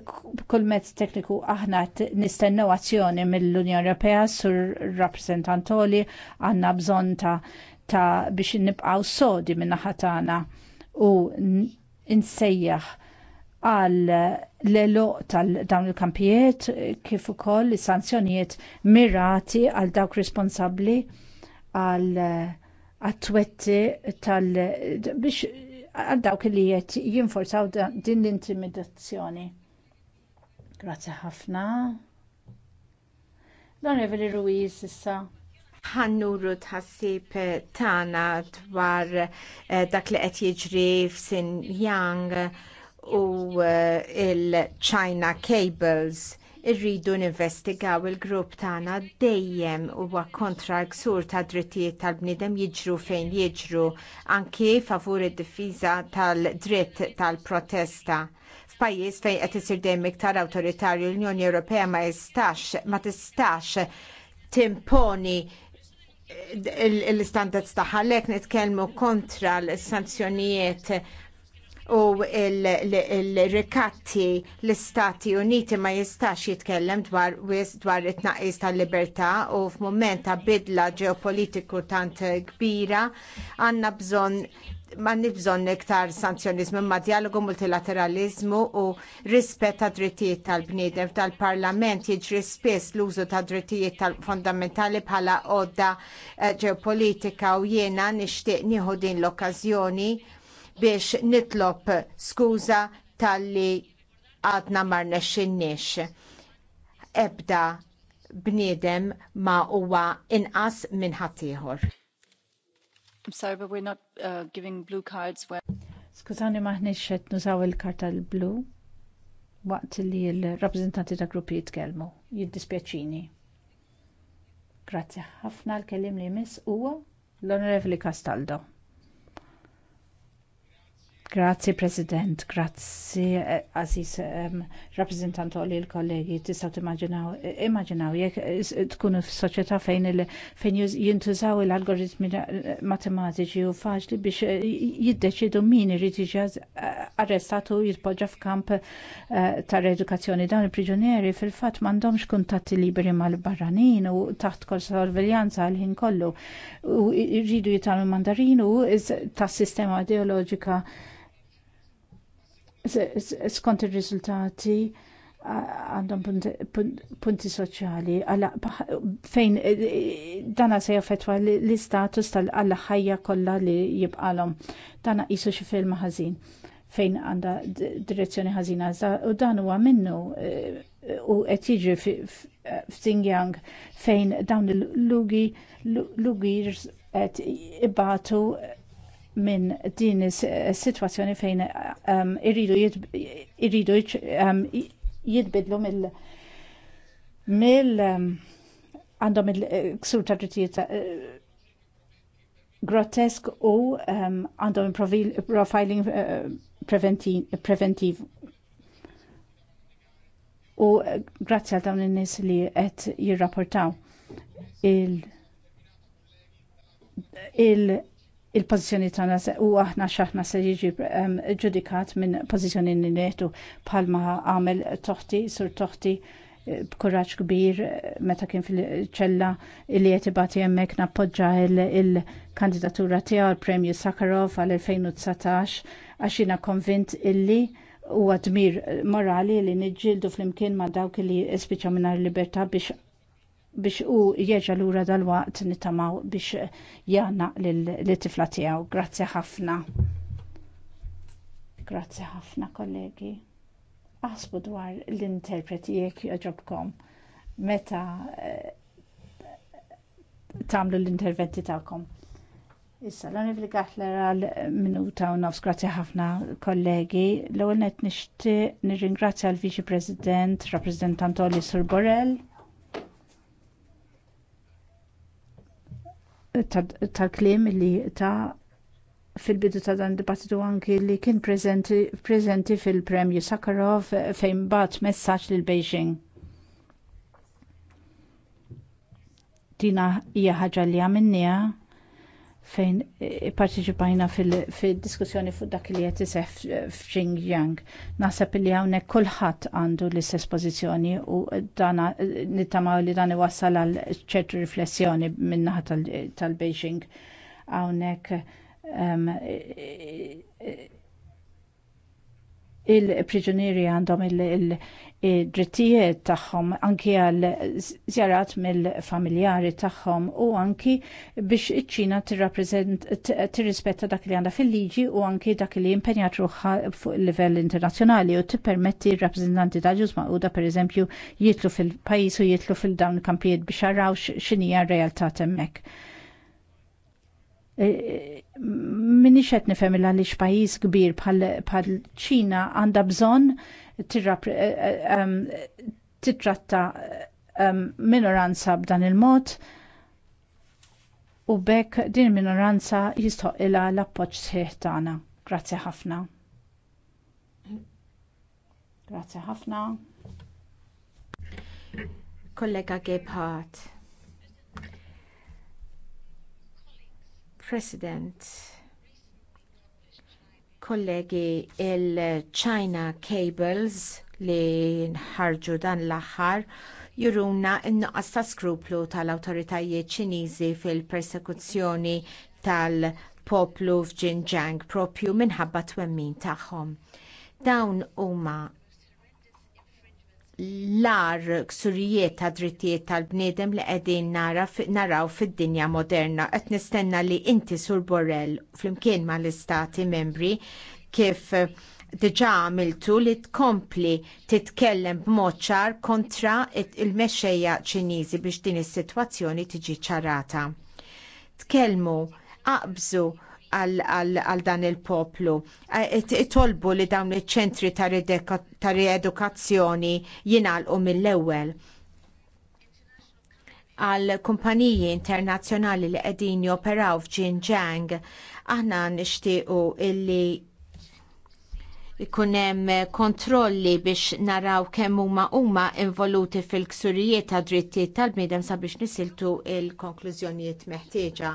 kull mezz tekniku aħna nistennew azzjoni mill-Unjoni Ewropea sur rappreżentantoli għandna bżonn ta', ta biex nibqgħu sodi minn naħa tagħna u nsejjaħ għal l-elo tal-dawn il-kampijiet kif ukoll sanzjonijiet mirati għal dawk responsabbli għal eh, attwetti tal biex għal dawk li jiet jinforzaw din l-intimidazzjoni. Grazzi ħafna. Don Reveli Ruiz issa ħannuru tħassib eh, tagħna dwar eh, dak li qed jiġri fsin f'Xinjiang u eh, il-China Cables irridu ninvestigaw il-grupp tagħna dejjem huwa kontra l-ksur ta' drittijiet tal-bniedem jiġru fejn jiġru anki favur id-difiża tal-dritt tal-protesta. F'pajjiż fejn qed isir dejjem iktar awtoritarju l-Unjoni Ewropea ma jistax ma tistax timponi l-istandards tagħha lek nitkellmu kontra l-sanzjonijiet u il-rikatti l-Istati Uniti ma jistax jitkellem dwar dwar it-naqis tal-libertà u f'mument ta' bidla ġeopolitiku tant kbira għandna bżonn ma nibżon iktar sanzjonizmu ma dialogu multilateralizmu u rispett ta' drittijiet tal-bniedem tal-parlament jiġri spiss l-użu ta' drittijiet tal-fondamentali bħala għodda eh, ġeopolitika u jiena nixtieq nieħu din l okkażjoni biex nitlob skuża talli għadna marna nexxinniex. Ebda bniedem ma huwa inqas minn ħaddieħor. I'm sorry, but we're not uh, giving blue cards when... Skużani maħniex qed nużaw il-karta l-blu waqt li l-rappreżentanti ta' gruppi jitkellmu. Jiddispjaċini. Grazzi ħafna l-kellim li jmiss huwa l-Onorevoli Castaldo. Grazzi President, grazie eh, Aziz um, rappresentant li l-kollegi tistaw timmaġinaw, eh, immaginaw jek eh, tkunu f-soċieta fejn jintużaw l-algoritmi matematiċi u faċli biex jiddeċidu min irid jiġi arrestatu jitpoġġa f'kamp uh, ta' reedukazzjoni. Dawn il-priġunieri fil-fatt m'għandhomx kuntatti liberi mal-barranin u taħt kol sorveljanza għal-ħin kollu u jridu jitalu mandarin u tas sistema ideoloġika skont ir-riżultati għandhom punti soċjali fejn dana se jaffetwa l-istatus tal-ħajja kollha li jibqalhom. Dana qisu xi film ħażin fejn għandha direzzjoni ħażina u dan huwa minnu u qed jiġri f'Xinjiang fejn dawn il-lugi qed ibatu minn din is-sitwazzjoni fejn um, irridu irridu um, jitbidlu mill mill um, għandhom il-ksur ta' drittijiet uh, grotesk u um, għandhom profiling uh, preventiv u uh, grazzi għal dawn in-nies li qed jirrapportaw il il il-pozizjoni tagħna u aħna x'aħna se jiġi ehm, ġudikat minn pożizzjoni li nieħdu bħalma għamel toħti sur toħti eh, b'kuraġġ kbir eh, meta kien fil-ċella li qed ibati hemmhekk nappoġġa il-kandidatura tiegħu għall-Premju Sakharov għal-2019 għax jiena konvint illi huwa dmir morali li niġġieldu flimkien ma' dawk li minna mingħajr libertà biex biex u jieġa lura dal-waqt nitamaw biex jana l-tifla tijaw. Grazie ħafna. Grazie ħafna kollegi. Aħsbu dwar l-interpreti jek joġobkom. Meta eh, tamlu l-interventi tal-kom. Issa, l-għan għaxler għal minuta u nofs, grazzi ħafna kollegi. L-għol nishti nirringrazzja l Viċi President, Rappresentant Oli Sur Borrell tal-klim li ta' fil-bidu ta' dan dibattitu anki li kien prezenti fil-premju Sakharov fejn bat messaġġ lil Beijing. Dina hija ħaġa li għamilnieha fejn parteċipajna fil-diskussjoni fuq dak li qed f'Xinjiang. Naħseb li hawnhekk kulħadd għandu l-istess pożizzjoni u dana nittamaw li dan wassal għal ċertu riflessjoni min naħa tal-Beijing hawnhekk ehm, il-priġunieri għandhom il- id-drittijiet tagħhom anki għal żjarat mill-familjari tagħhom u anki biex iċ-Ċina tirrispetta dak li għandha fil-liġi u anki dak li impenjat ruħha fuq il-livell internazzjonali u tippermetti r-rappreżentanti ta' ġuż maquda pereżempju jitlu fil-pajjiż u jitlu fil-dawn kampijiet biex araw x'inhija r-realtà hemmhekk e, e, minni xet nifem il għalix pajis kbir bħal ċina għanda bżon eh, eh, titratta minoranza b'dan il-mod u bekk din minoranza jistoqila l-appoċ sħiħ tagħna. Grazzi ħafna. Grazzi ħafna. Kollega Gebhardt. President kollegi il-China Cables li nħarġu dan l-aħħar juruna n-nuqqas ta' skruplu tal-awtoritajiet ċiniżi fil-persekuzzjoni tal-poplu f'Xinjiang propju minħabba twemmin tagħhom. Dawn huma l-ar ksurijiet ta' drittijiet tal-bniedem li qegħdin naraw fid-dinja moderna qed nistenna li inti sur Borrell flimkien mal-istati membri kif eh, diġà għamiltu li tkompli titkellem b'mod ċar kontra il-mexxejja Ċiniżi biex din is-sitwazzjoni tiġi ċarata. Tkellmu, aqbżu għal dan il-poplu. Eh, Tolbu li dawn iċ-ċentri ta' riedukazzjoni jingħalqu mill-ewwel għal kumpaniji internazzjonali li qegħdin joperaw f'Xinjiang, aħna nixtiequ illi ikun hemm kontrolli biex naraw kemm huma huma involuti fil-ksurijiet ta' drittijiet tal-bniedem sabiex nisiltu l konklużjonijiet meħtieġa.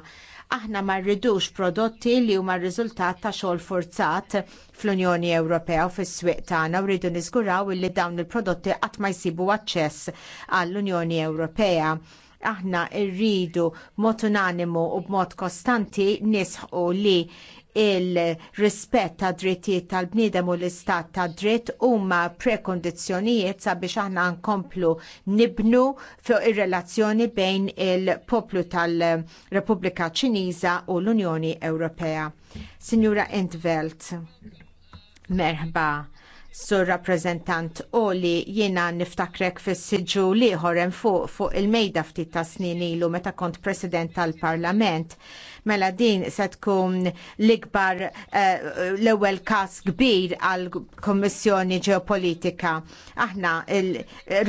Aħna ma rridux prodotti li huma r-riżultat ta' xogħol forzat fl-Unjoni Ewropea u fis-swieq tagħna u rridu niżguraw li dawn il-prodotti qatt ma jsibu aċċess għall-Unjoni Ewropea aħna rridu mod unanimu u b'mod kostanti nisħu li il-rispett ta' drittijiet tal-bniedem u l-istat ta' dritt huma prekondizzjonijiet sabiex aħna nkomplu nibnu fuq ir-relazzjoni bejn il-poplu tal-Repubblika Ċiniża u l-Unjoni Ewropea. Sinjura Entvelt, merħba. Sur rappresentant u li jiena niftakrek fis siġu liħor hemm fuq fuq il-mejda ftit ta' snin ilu meta kont president tal-Parlament Mela din se tkun l-ikbar eh, l-ewwel każ kbir għal Kommissjoni Ġeopolitika. Aħna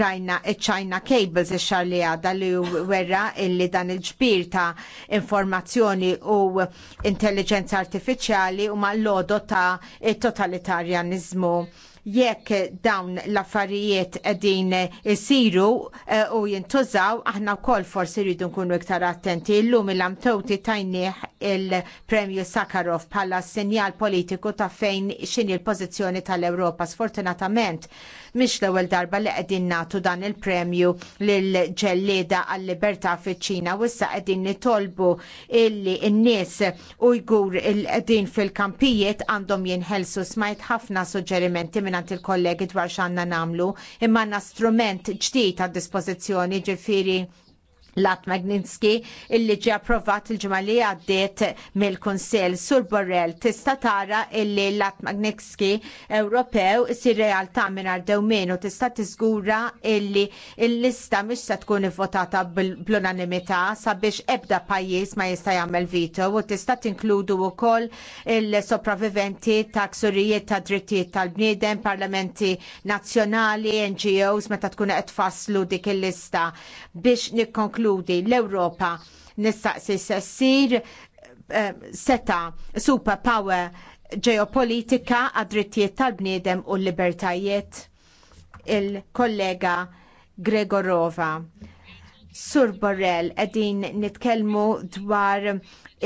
rajna ċ-China Cables ix-xar li għadha li werra illi dan il-ġbir ta' informazzjoni u intelligenza artifiċjali huma l-lodo ta' totalitarjanizmu jekk dawn l-affarijiet qegħdin isiru eh, u jintużaw aħna wkoll forsi rridu nkunu iktar attenti llum il-amtowti tajnieh il-Premju Sakharov bħala sinjal politiku ta' fejn x'inhi l-pożizzjoni tal-Ewropa. Sfortunatament Mhix l-ewwel darba li qegħdin nagħtu dan il-premju lil ġellieda għall-libertà fiċ-Ċina u issa qegħdin nitolbu illi n-nies Ujgur il-qegħdin fil-kampijiet għandhom jinħelsu smajt ħafna suġġerimenti mingħand il-kollegi dwar x'għandna nagħmlu imma għandna strument ġdid għad dispożizzjoni ġifieri Lat Magninski illi ġie approvat il-ġimgħa li għaddiet mill-Kunsell Sur Borrell tista' tara illi Lat Magninski Ewropew si realtà minn dewmien u tista' tiżgura illi l-lista mhix se tkun ivvotata bl-unanimità sabiex ebda pajjiż ma jista' jagħmel vito u tista' tinkludu wkoll il-sopravviventi ta' ksurijiet ta' drittijiet tal-bniedem, parlamenti nazzjonali, NGOs meta tkun qed tfasslu dik il-lista biex nikkonklu inkludi l-Ewropa nistaqsi s-sir eh, seta superpower ġeopolitika għad-drittijiet tal-bniedem u l-libertajiet il-kollega Gregorova. Sur Borrell, edin nitkelmu dwar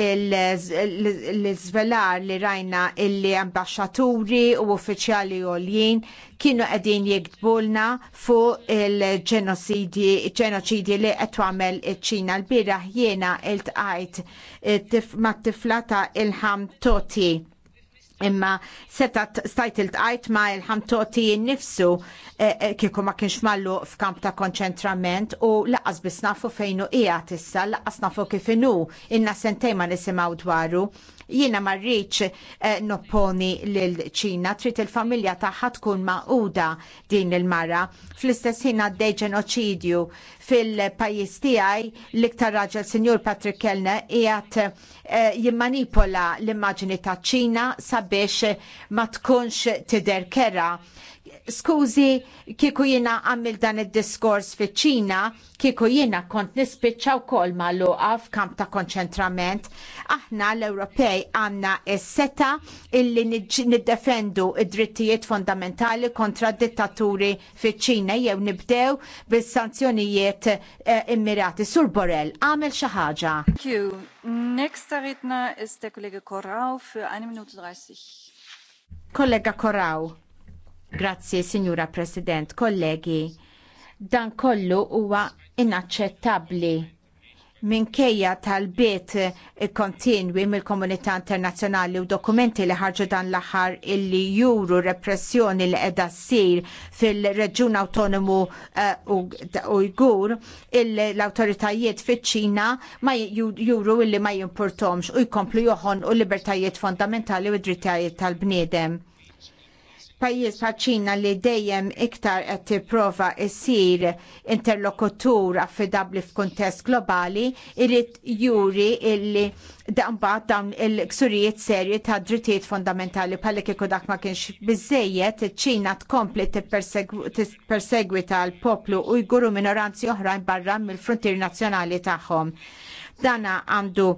l-izvelar li rajna illi ambasġaturi u uffiċjali l-jien kienu edin jikdbulna fu il-ġenoċidi li għetwamel ċina l bira jena il-tqajt ma tiflata il-ħam toti imma seta stajt il-tqajt ma il-ħamtoti nifsu e, e, kieku ma kienx mallu f'kamp ta' konċentrament u laqas bisnafu nafu fejnu ija tissa, laqas nafu kif inna sentej ma nisimaw dwaru Jiena marriċ eh, nopponi l-ċina, trid il-familja tagħha tkun maquda din il-mara. Fl-istess ħin għaddej ġenoċidju fil-pajjiż tiegħi l-iktar raġel Sinjur Patrick Kellner qiegħed eh, jimmanipola l-immaġni ta' ċina sabiex ma tkunx tider kera Skużi kieku jiena għamil dan id-diskors fi ċina, kieku jiena kont nispiċċa wkoll luqaf f'kamp ta' konċentrament. Aħna l-Ewropej għandna s-seta illi niddefendu id-drittijiet fondamentali kontra d dittaturi fi ċina jew nibdew bis-sanzjonijiet eh, immirati. Sur Borrell, għamel xi ħaġa. Next Redner is der Kollege Korau fi 1 minut 30. Kollega Korraw. Grazzi, Signora President, kollegi. Dan kollu huwa inaċċettabbli minkejja tal biet kontinwi mill-komunità internazzjonali u dokumenti li ħarġu dan l-aħħar illi juru repressjoni li qiegħda ssir fil-Reġjun Awtonomu eh, Ujgur l-awtoritajiet fiċ-Ċina ma juru illi ma jimpurtomx u jkomplu joħon u libertajiet fondamentali u id drittajiet tal-bniedem pajjiż bħal-Ċina li dejjem iktar qed tipprova jsir interlokutur affidabbli f'kuntest globali jrid juri illi mbagħad dawn il-ksurijiet serji ta' drittijiet fondamentali bħalli kieku dak ma kienx biżejjed iċ-Ċina tkompli tippersegwita l-poplu jguru minoranzi oħrajn barra mill-frontier nazzjonali tagħhom dana għandu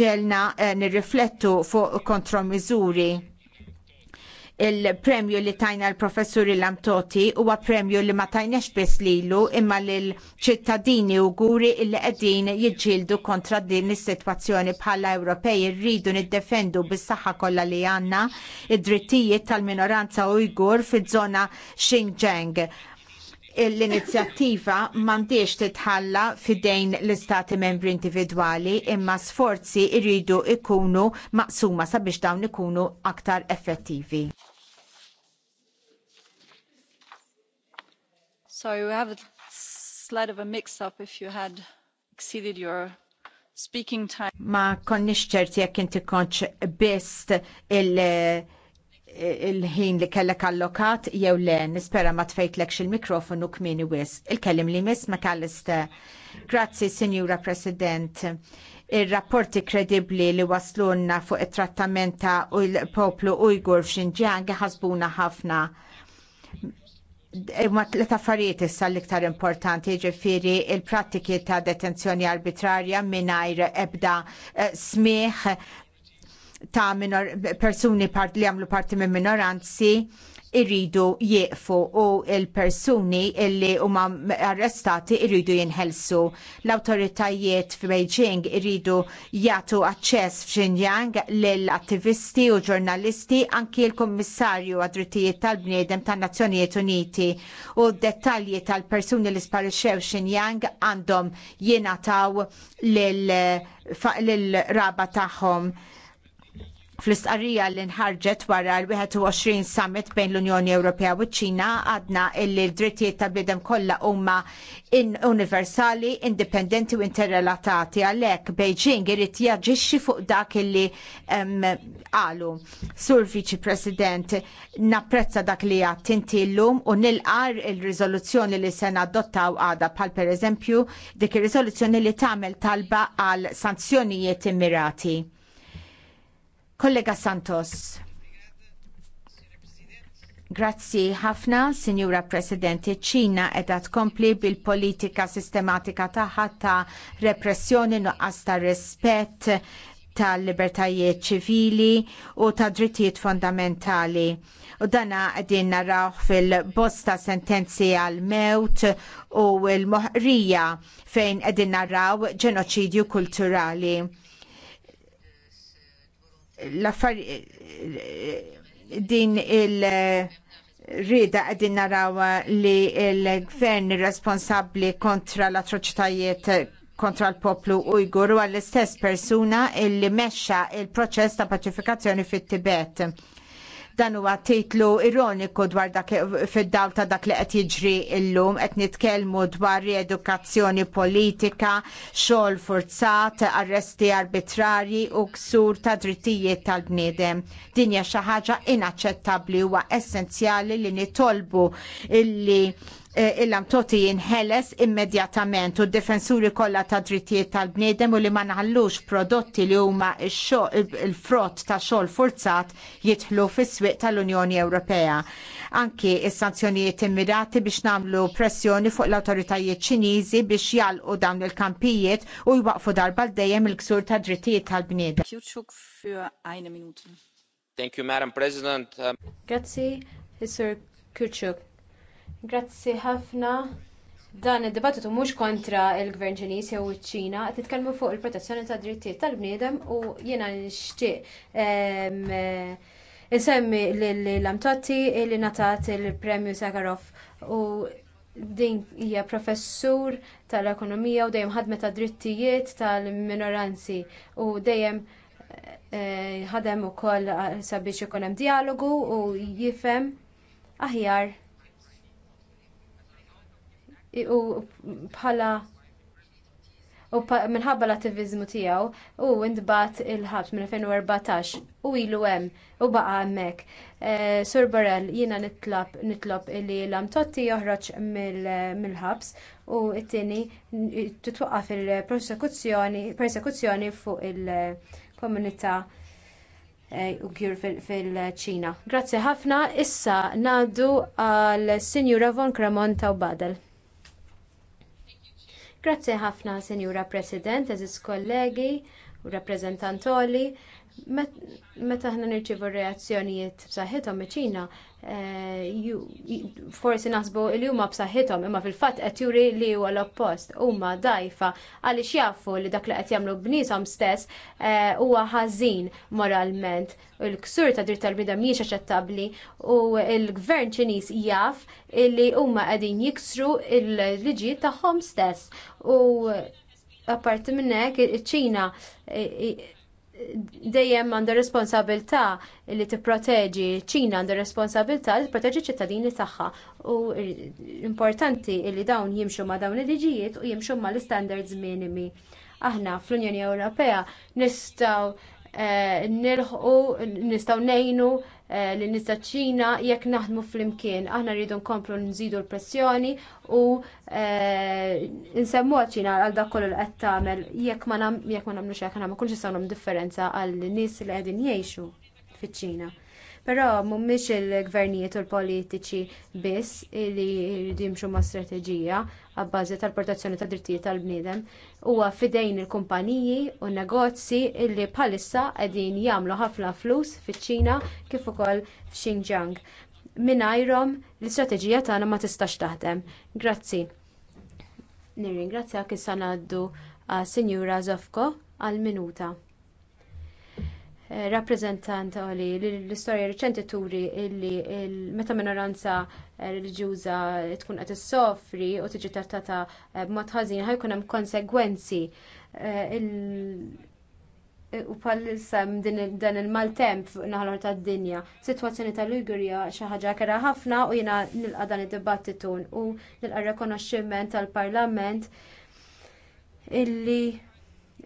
ġelna eh, nirriflettu fuq kontromiżuri il-premju li tajna l-professur Lamtoti huwa premju li ma tajnex biss lilu imma lil ċittadini uguri illi qegħdin jiġġieldu kontra din is-sitwazzjoni bħala Ewropej irridu niddefendu bis-saħħa kollha li għandna id-drittijiet tal-minoranza Ujgur fiż-żona Xinjiang l-inizjattiva m'għandix titħalla fidejn l-istati membri individwali imma sforzi jridu jkunu maqsuma sabiex dawn ikunu aktar effettivi. sorry we have a slight of a mix up if you had exceeded your speaking time. Ma konniex ċerti jekk inti konċ bist il- il-ħin li kellek allokat jew le nispera ma tfejtlekx il-mikrofonu kmini wis. Il-kellim li miss McAllister. Grazzi, Signora President ir-rapporti kredibbli li waslunna fuq it u ta' poplu Ujgur f'Xinjiang ħasbuna ħafna Eh, ma tlet affarijiet issa l-iktar importanti ġifiri il-prattiki ta' detenzjoni arbitrarja mingħajr ebda eh, smieħ ta' minor, persuni part, li għamlu parti minn minoranzi irridu jieqfu u il-persuni illi huma arrestati irridu jinħelsu. L-autoritajiet f'Beijing irridu jagħtu aċċess f'Xinjiang lill-attivisti u ġurnalisti anki l-Kummissarju għad-Drittijiet tal-Bniedem tan-Nazzjonijiet Uniti u dettalji tal-persuni li sparixxew Xinjiang għandhom jingħataw lil raba tagħhom Fl-istqarrija li nħarġet wara l-21 summit bejn l-Unjoni Ewropea u ċina għadna illi l-drittijiet tal-bniedem kollha huma in universali, indipendenti u interrelatati għalhekk Beijing irid jaġixxi fuq dak illi qalu. Sur Viċi President, napprezza dak li għad inti llum u nilqar il-riżoluzzjoni li se nadottaw għada bħal pereżempju dik ir-riżoluzzjoni li tagħmel talba għal sanzjonijiet immirati Kollega Santos. Grazzi ħafna, Sinjura Presidenti, ċina edha tkompli bil-politika sistematika tagħha ta' repressjoni nuqqas ta' rispett tal-libertajiet ċivili u ta' drittijiet fondamentali. U dana qegħdin naraw fil-bosta sentenzi għal mewt u l-moħrija fejn qegħdin naraw ġenoċidju kulturali l-affar din il- rida għedin naraw li l-gvern responsabli kontra l-atroċitajiet kontra l-poplu Ujgur u għall-istess persuna illi mexxa il-proċess ta' paċifikazzjoni fit-Tibet. Dan huwa titlu ironiku dwar dak fid-dawl ta' dak li qed jiġri llum qed nitkellmu dwar riedukazzjoni politika, xogħol forzat, arresti arbitrarji u ksur ta' drittijiet tal-bniedem. Din hija xi ħaġa inaċċettabbli huwa essenzjali li nitolbu illi Eh, illam toti jinħeles immedjatament u d-defensuri kollha ta' drittijiet tal-bniedem u li ma naħallux prodotti li huma il-frott ta' xogħol forzat jidħlu fis-swieq tal-Unjoni Ewropea. Anki is-sanzjonijiet immirati biex nagħmlu pressjoni fuq l-awtoritajiet Ċiniżi biex jalqu dawn il-kampijiet u jwaqfu darba dejjem il-ksur ta' drittijiet tal-bniedem. Thank you, Madam President. Grazie, Sir Kirchhoff. Grazzi ħafna. Dan id-dibattitu mhux kontra l gvern Ċiniż jew iċ-Ċina, qed fuq il-protezzjoni tad drittijiet tal-bniedem u jiena nixtieq ehm, insemmi l-Amtotti li ngħatat il-Premju Sakharov u din hija professur tal-ekonomija u dejjem ħadmet ta' drittijiet tal-minoranzi u dejjem eh, ħadem ukoll sabiex ikun hemm dijalogu u jifhem aħjar u bħala u minħabba l-attivizmu tiegħu u indbat il-ħabs minn 2014 u ilu hemm u baqa hemmhekk. Eh, Sur Borrell jiena nitlob nitlob li l-amtotti joħroġ mill-ħabs u t-tieni titwaqqaf il-persekuzzjoni persekuzzjoni fuq il-komunità eh, Ugjur fil-ċina. Grazzi ħafna, issa ngħaddu għal Sinjura Von Cremon u Badel. Grazzi ħafna, Senjura President, eżis kollegi u rappresentantoli. Meta aħna nirċievu reazzjonijiet b'saħħithom miċina, eh, forsi naħsbu li huma b'saħħithom, imma fil-fatt qed juri li huwa l-oppost huma dajfa, għaliex jafu li dak li qed jagħmlu b'nieshom stess eh, huwa ħażin moralment. Il-ksur ta' dritt tal bida mhijiex aċċettabbli u l-gvern Ċiniż jaf li huma qegħdin jiksru l-liġijiet tagħhom stess. U apparti minn hekk iċ-Ċina eh, dejjem għandha responsabilità li tipproteġi, ċina għandha responsabilità li tipproteġi ċittadini tagħha. U importanti li dawn jimxu ma' dawn il-liġijiet u jimxu ma' l-standards minimi. Aħna fl-Unjoni Ewropea nistgħu eh, nilħqu, nistgħu nejnu Eh, l-nisa ċina jekk naħdmu fl-imkien. Aħna rridu nkomplu nżidu l-pressjoni u eh, nsemmu għacċina għal dak kollu li qed tagħmel jekk ma nagħmlux hekk ma kunx issawhom differenza għal nies li qegħdin jgħixu fiċ-Ċina però mhumiex il-gvernijiet u l-politiċi biss li jimxu ma' strateġija għabbażi tal-protezzjoni tad drittijiet tal-bniedem huwa fidejn il-kumpaniji u n negozji li bħalissa qegħdin jagħmlu ħafna flus fiċ-Ċina kif ukoll f'Xinjiang minajrom l-istrateġija tagħna ma tistax taħdem. Grazzi. Nirringrazzjak issa ngħaddu għas Sinjura Zofko għal minuta rappreżentant li l-istorja reċenti turi li meta minoranza eh, reliġjuża tkun qed issofri u tiġi trattata eh, b'mod ħażin ħajkun hemm konsegwenzi eh, u bħalissa dan il-maltemp fuq naħlor tad dinja. Sitwazzjoni tal-Ugurja xi ħaġa kera ħafna u jiena nilqa dan id dibattitun u nilqa rikonoxximent tal-Parlament illi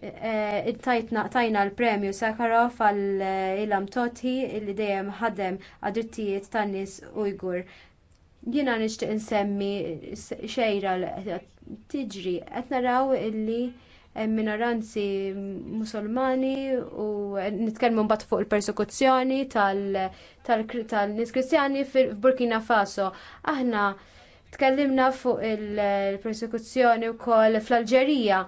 Eh, tajna l-premju Sakharov għal eh, ilam Toti li dejjem ħadem għad-drittijiet tan-nies Ujgur. Jiena nixtieq insemmi xejra tiġri qed naraw illi eh, minoranzi musulmani u nitkellmu mbagħad fuq il-persekuzzjoni tal-nies Kristjani f'Burkina Faso. Aħna tkellimna fuq il-persekuzzjoni wkoll fl-Alġerija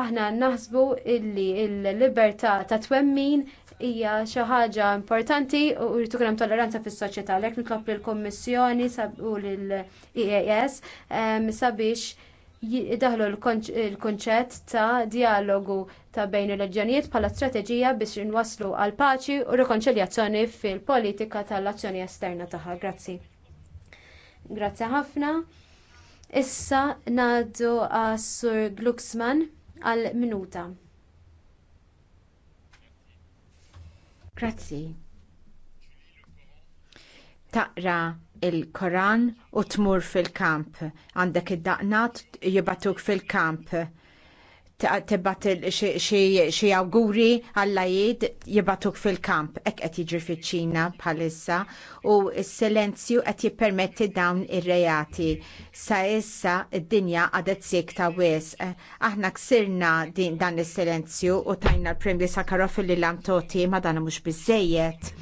aħna naħsbu illi l-libertà ta' twemmin hija xi ħaġa importanti u rritu ikun hemm tolleranza fis-soċjetà għalhekk nitlob lill-Kummissjoni u lill-EAS ehm, sabiex jidaħlu l-kunċett ta' dijalogu ta' bejn ir-reġjonijiet bħala strateġija biex inwasslu għal paċi u rikonċiljazzjoni fil-politika tal-azzjoni esterna tagħha. Grazzi. Grazzi ħafna. Issa ngħaddu għas Sur Glucksmann għal minuta. Grazzi. Taqra il-Koran u tmur fil-kamp. Għandek id-daqnat jibatuk fil-kamp tibbat xi awguri għallajid jibatuk fil-kamp ek qed jiġri fiċ-Ċina bħalissa u s-silenzju qed jippermetti dawn ir-reati. Sa issa id-dinja għadet sik ta' wisq. Aħna ksirna din dan is-silenzju u tajna l-Premju Sakharov li lam toti ma dan mhux biżżejjed.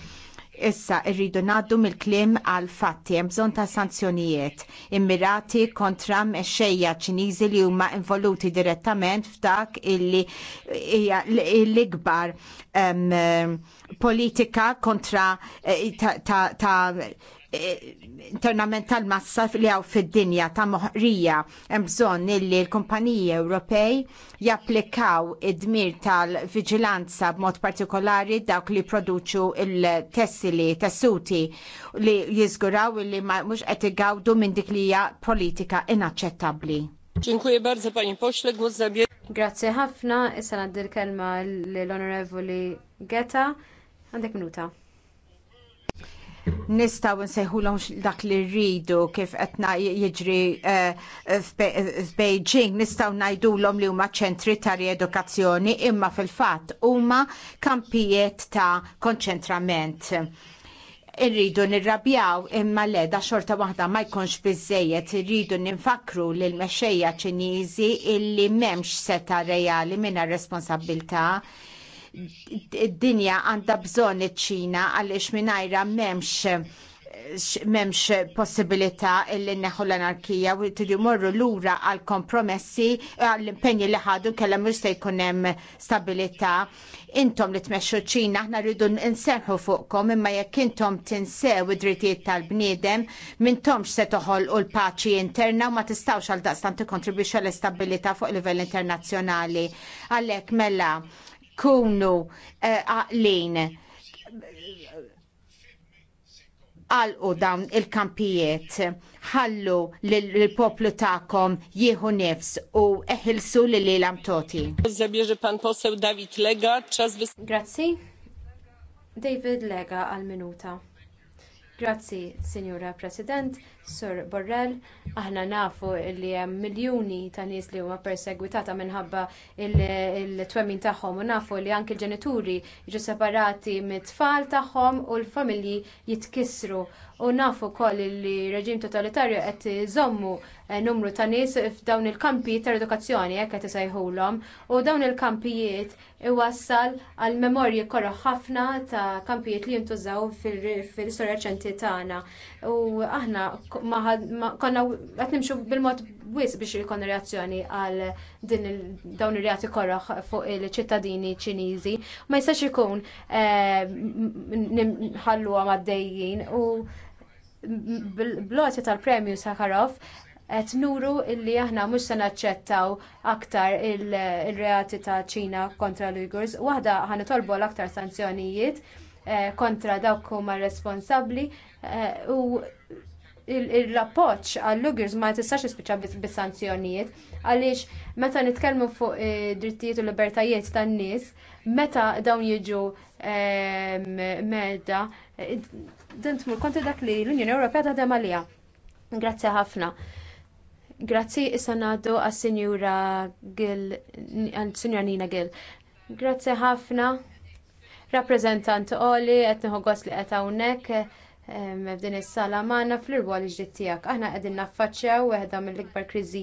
Issa rridu naddu mill-klim għal fatti hemm bżonn ta' sanzjonijiet immirati kontra mexxejja Ċiniżi li huma involuti direttament f'dak illi hija l-ikbar ehm, politika kontra eh, ta', ta, ta internament tal-massa li għaw fid-dinja ta' moħrija hemm bżonn illi l-kumpaniji Ewropej japplikaw id-dmir tal-viġilanza b'mod partikolari dawk li produċu il-tessili, tessuti li jiżguraw illi ma mhux qed igawdu minn dik li hija politika inaċċettabbli. Dziękuję bardzo pani pośle, głos zabier. Grazie ħafna, issa naddi kelma l-onorevoli Geta. Għandek minuta nistaw nsejħulhom dak li rridu kif qed jiġri eh, f'Beijing nistaw ngħidulhom li huma ċentri ta' riedukazzjoni imma fil-fatt huma kampijiet ta' konċentrament. Irridu nirrabjaw imma le da xorta waħda ma jkunx biżejjed irridu ninfakru l mexxejja Ċiniżi illi m'hemmx seta' reali mingħajr responsabbiltà id-dinja għandha bżonn iċ-Ċina għaliex mingħajra m'hemmx eh, memx possibilità li neħu l-anarkija u tridu morru lura għal kompromessi għall impenji li ħadu kella mux se jkun hemm stabilità. Intom li tmexxu ċina aħna rridu nsemħu fuqkom imma jekk intom tinsew id-drittijiet tal-bniedem mintomx se toħol u l-paċi interna u ma tistawx għal daqstant tikkontribwixxu l-istabilità fuq livell internazzjonali. Għalhekk mela kunu eh, għaqlin għalqu dawn il-kampijiet, ħallu l-poplu ta'kom jieħu nefs u eħilsu li li toti. Zabieġi pan posew David Lega, ċas Grazzi. David Lega għal-minuta. Grazzi, Sinjura President, Sur Borrell. Aħna nafu li hemm miljuni ta' nies li huma persegwitata minħabba il-twemmin tagħhom u nafu li anke l-ġenituri jiġu separati mit-tfal tagħhom u l-familji jitkissru U nafu wkoll li reġim totalitarju qed iżommu eh, numru ta' nies f'dawn il-kampi ta' edukazzjoni jekk qed isejħulhom u dawn il-kampijiet iwassal għal memorji korra ħafna ta' kampijiet li jintużaw fil-istorja reċenti tagħna. U aħna konna qed nimxu bil-mod wis biex ikon reazzjoni għal din dawn ir-reati korra fuq il-ċittadini Ċiniżi. Ma jistax ikun eh, ħalluhom maddejjin u bloti tal-premju Sakharov qed nuru illi aħna mhux se naċċettaw aktar il-reati ta' Ċina kontra l-Uyghurs. Waħda ħan tolbu l-aktar sanzjonijiet eh, kontra dawk huma responsabbli eh, u l-appoġġ għall-Uyghurs ma tistax ispiċċa bis-sanzjonijiet għaliex meta nitkellmu fuq eh, drittijiet u libertajiet tan-nies meta dawn jiġu medda din tmur konti dak li l-Unjoni Ewropea taħdem Demalija. Grazzi ħafna. Grazzi issa ngħaddu għas-Sinjura Gil, għal-Sinjura Nina Gil. Grazzi ħafna. Rappreżentant Oli, qed nieħu li qed hawnhekk eh, f'din is-sala magħna fl-irwol ġdid tiegħek. Aħna qegħdin naffaċċjaw waħda mill-ikbar krizi.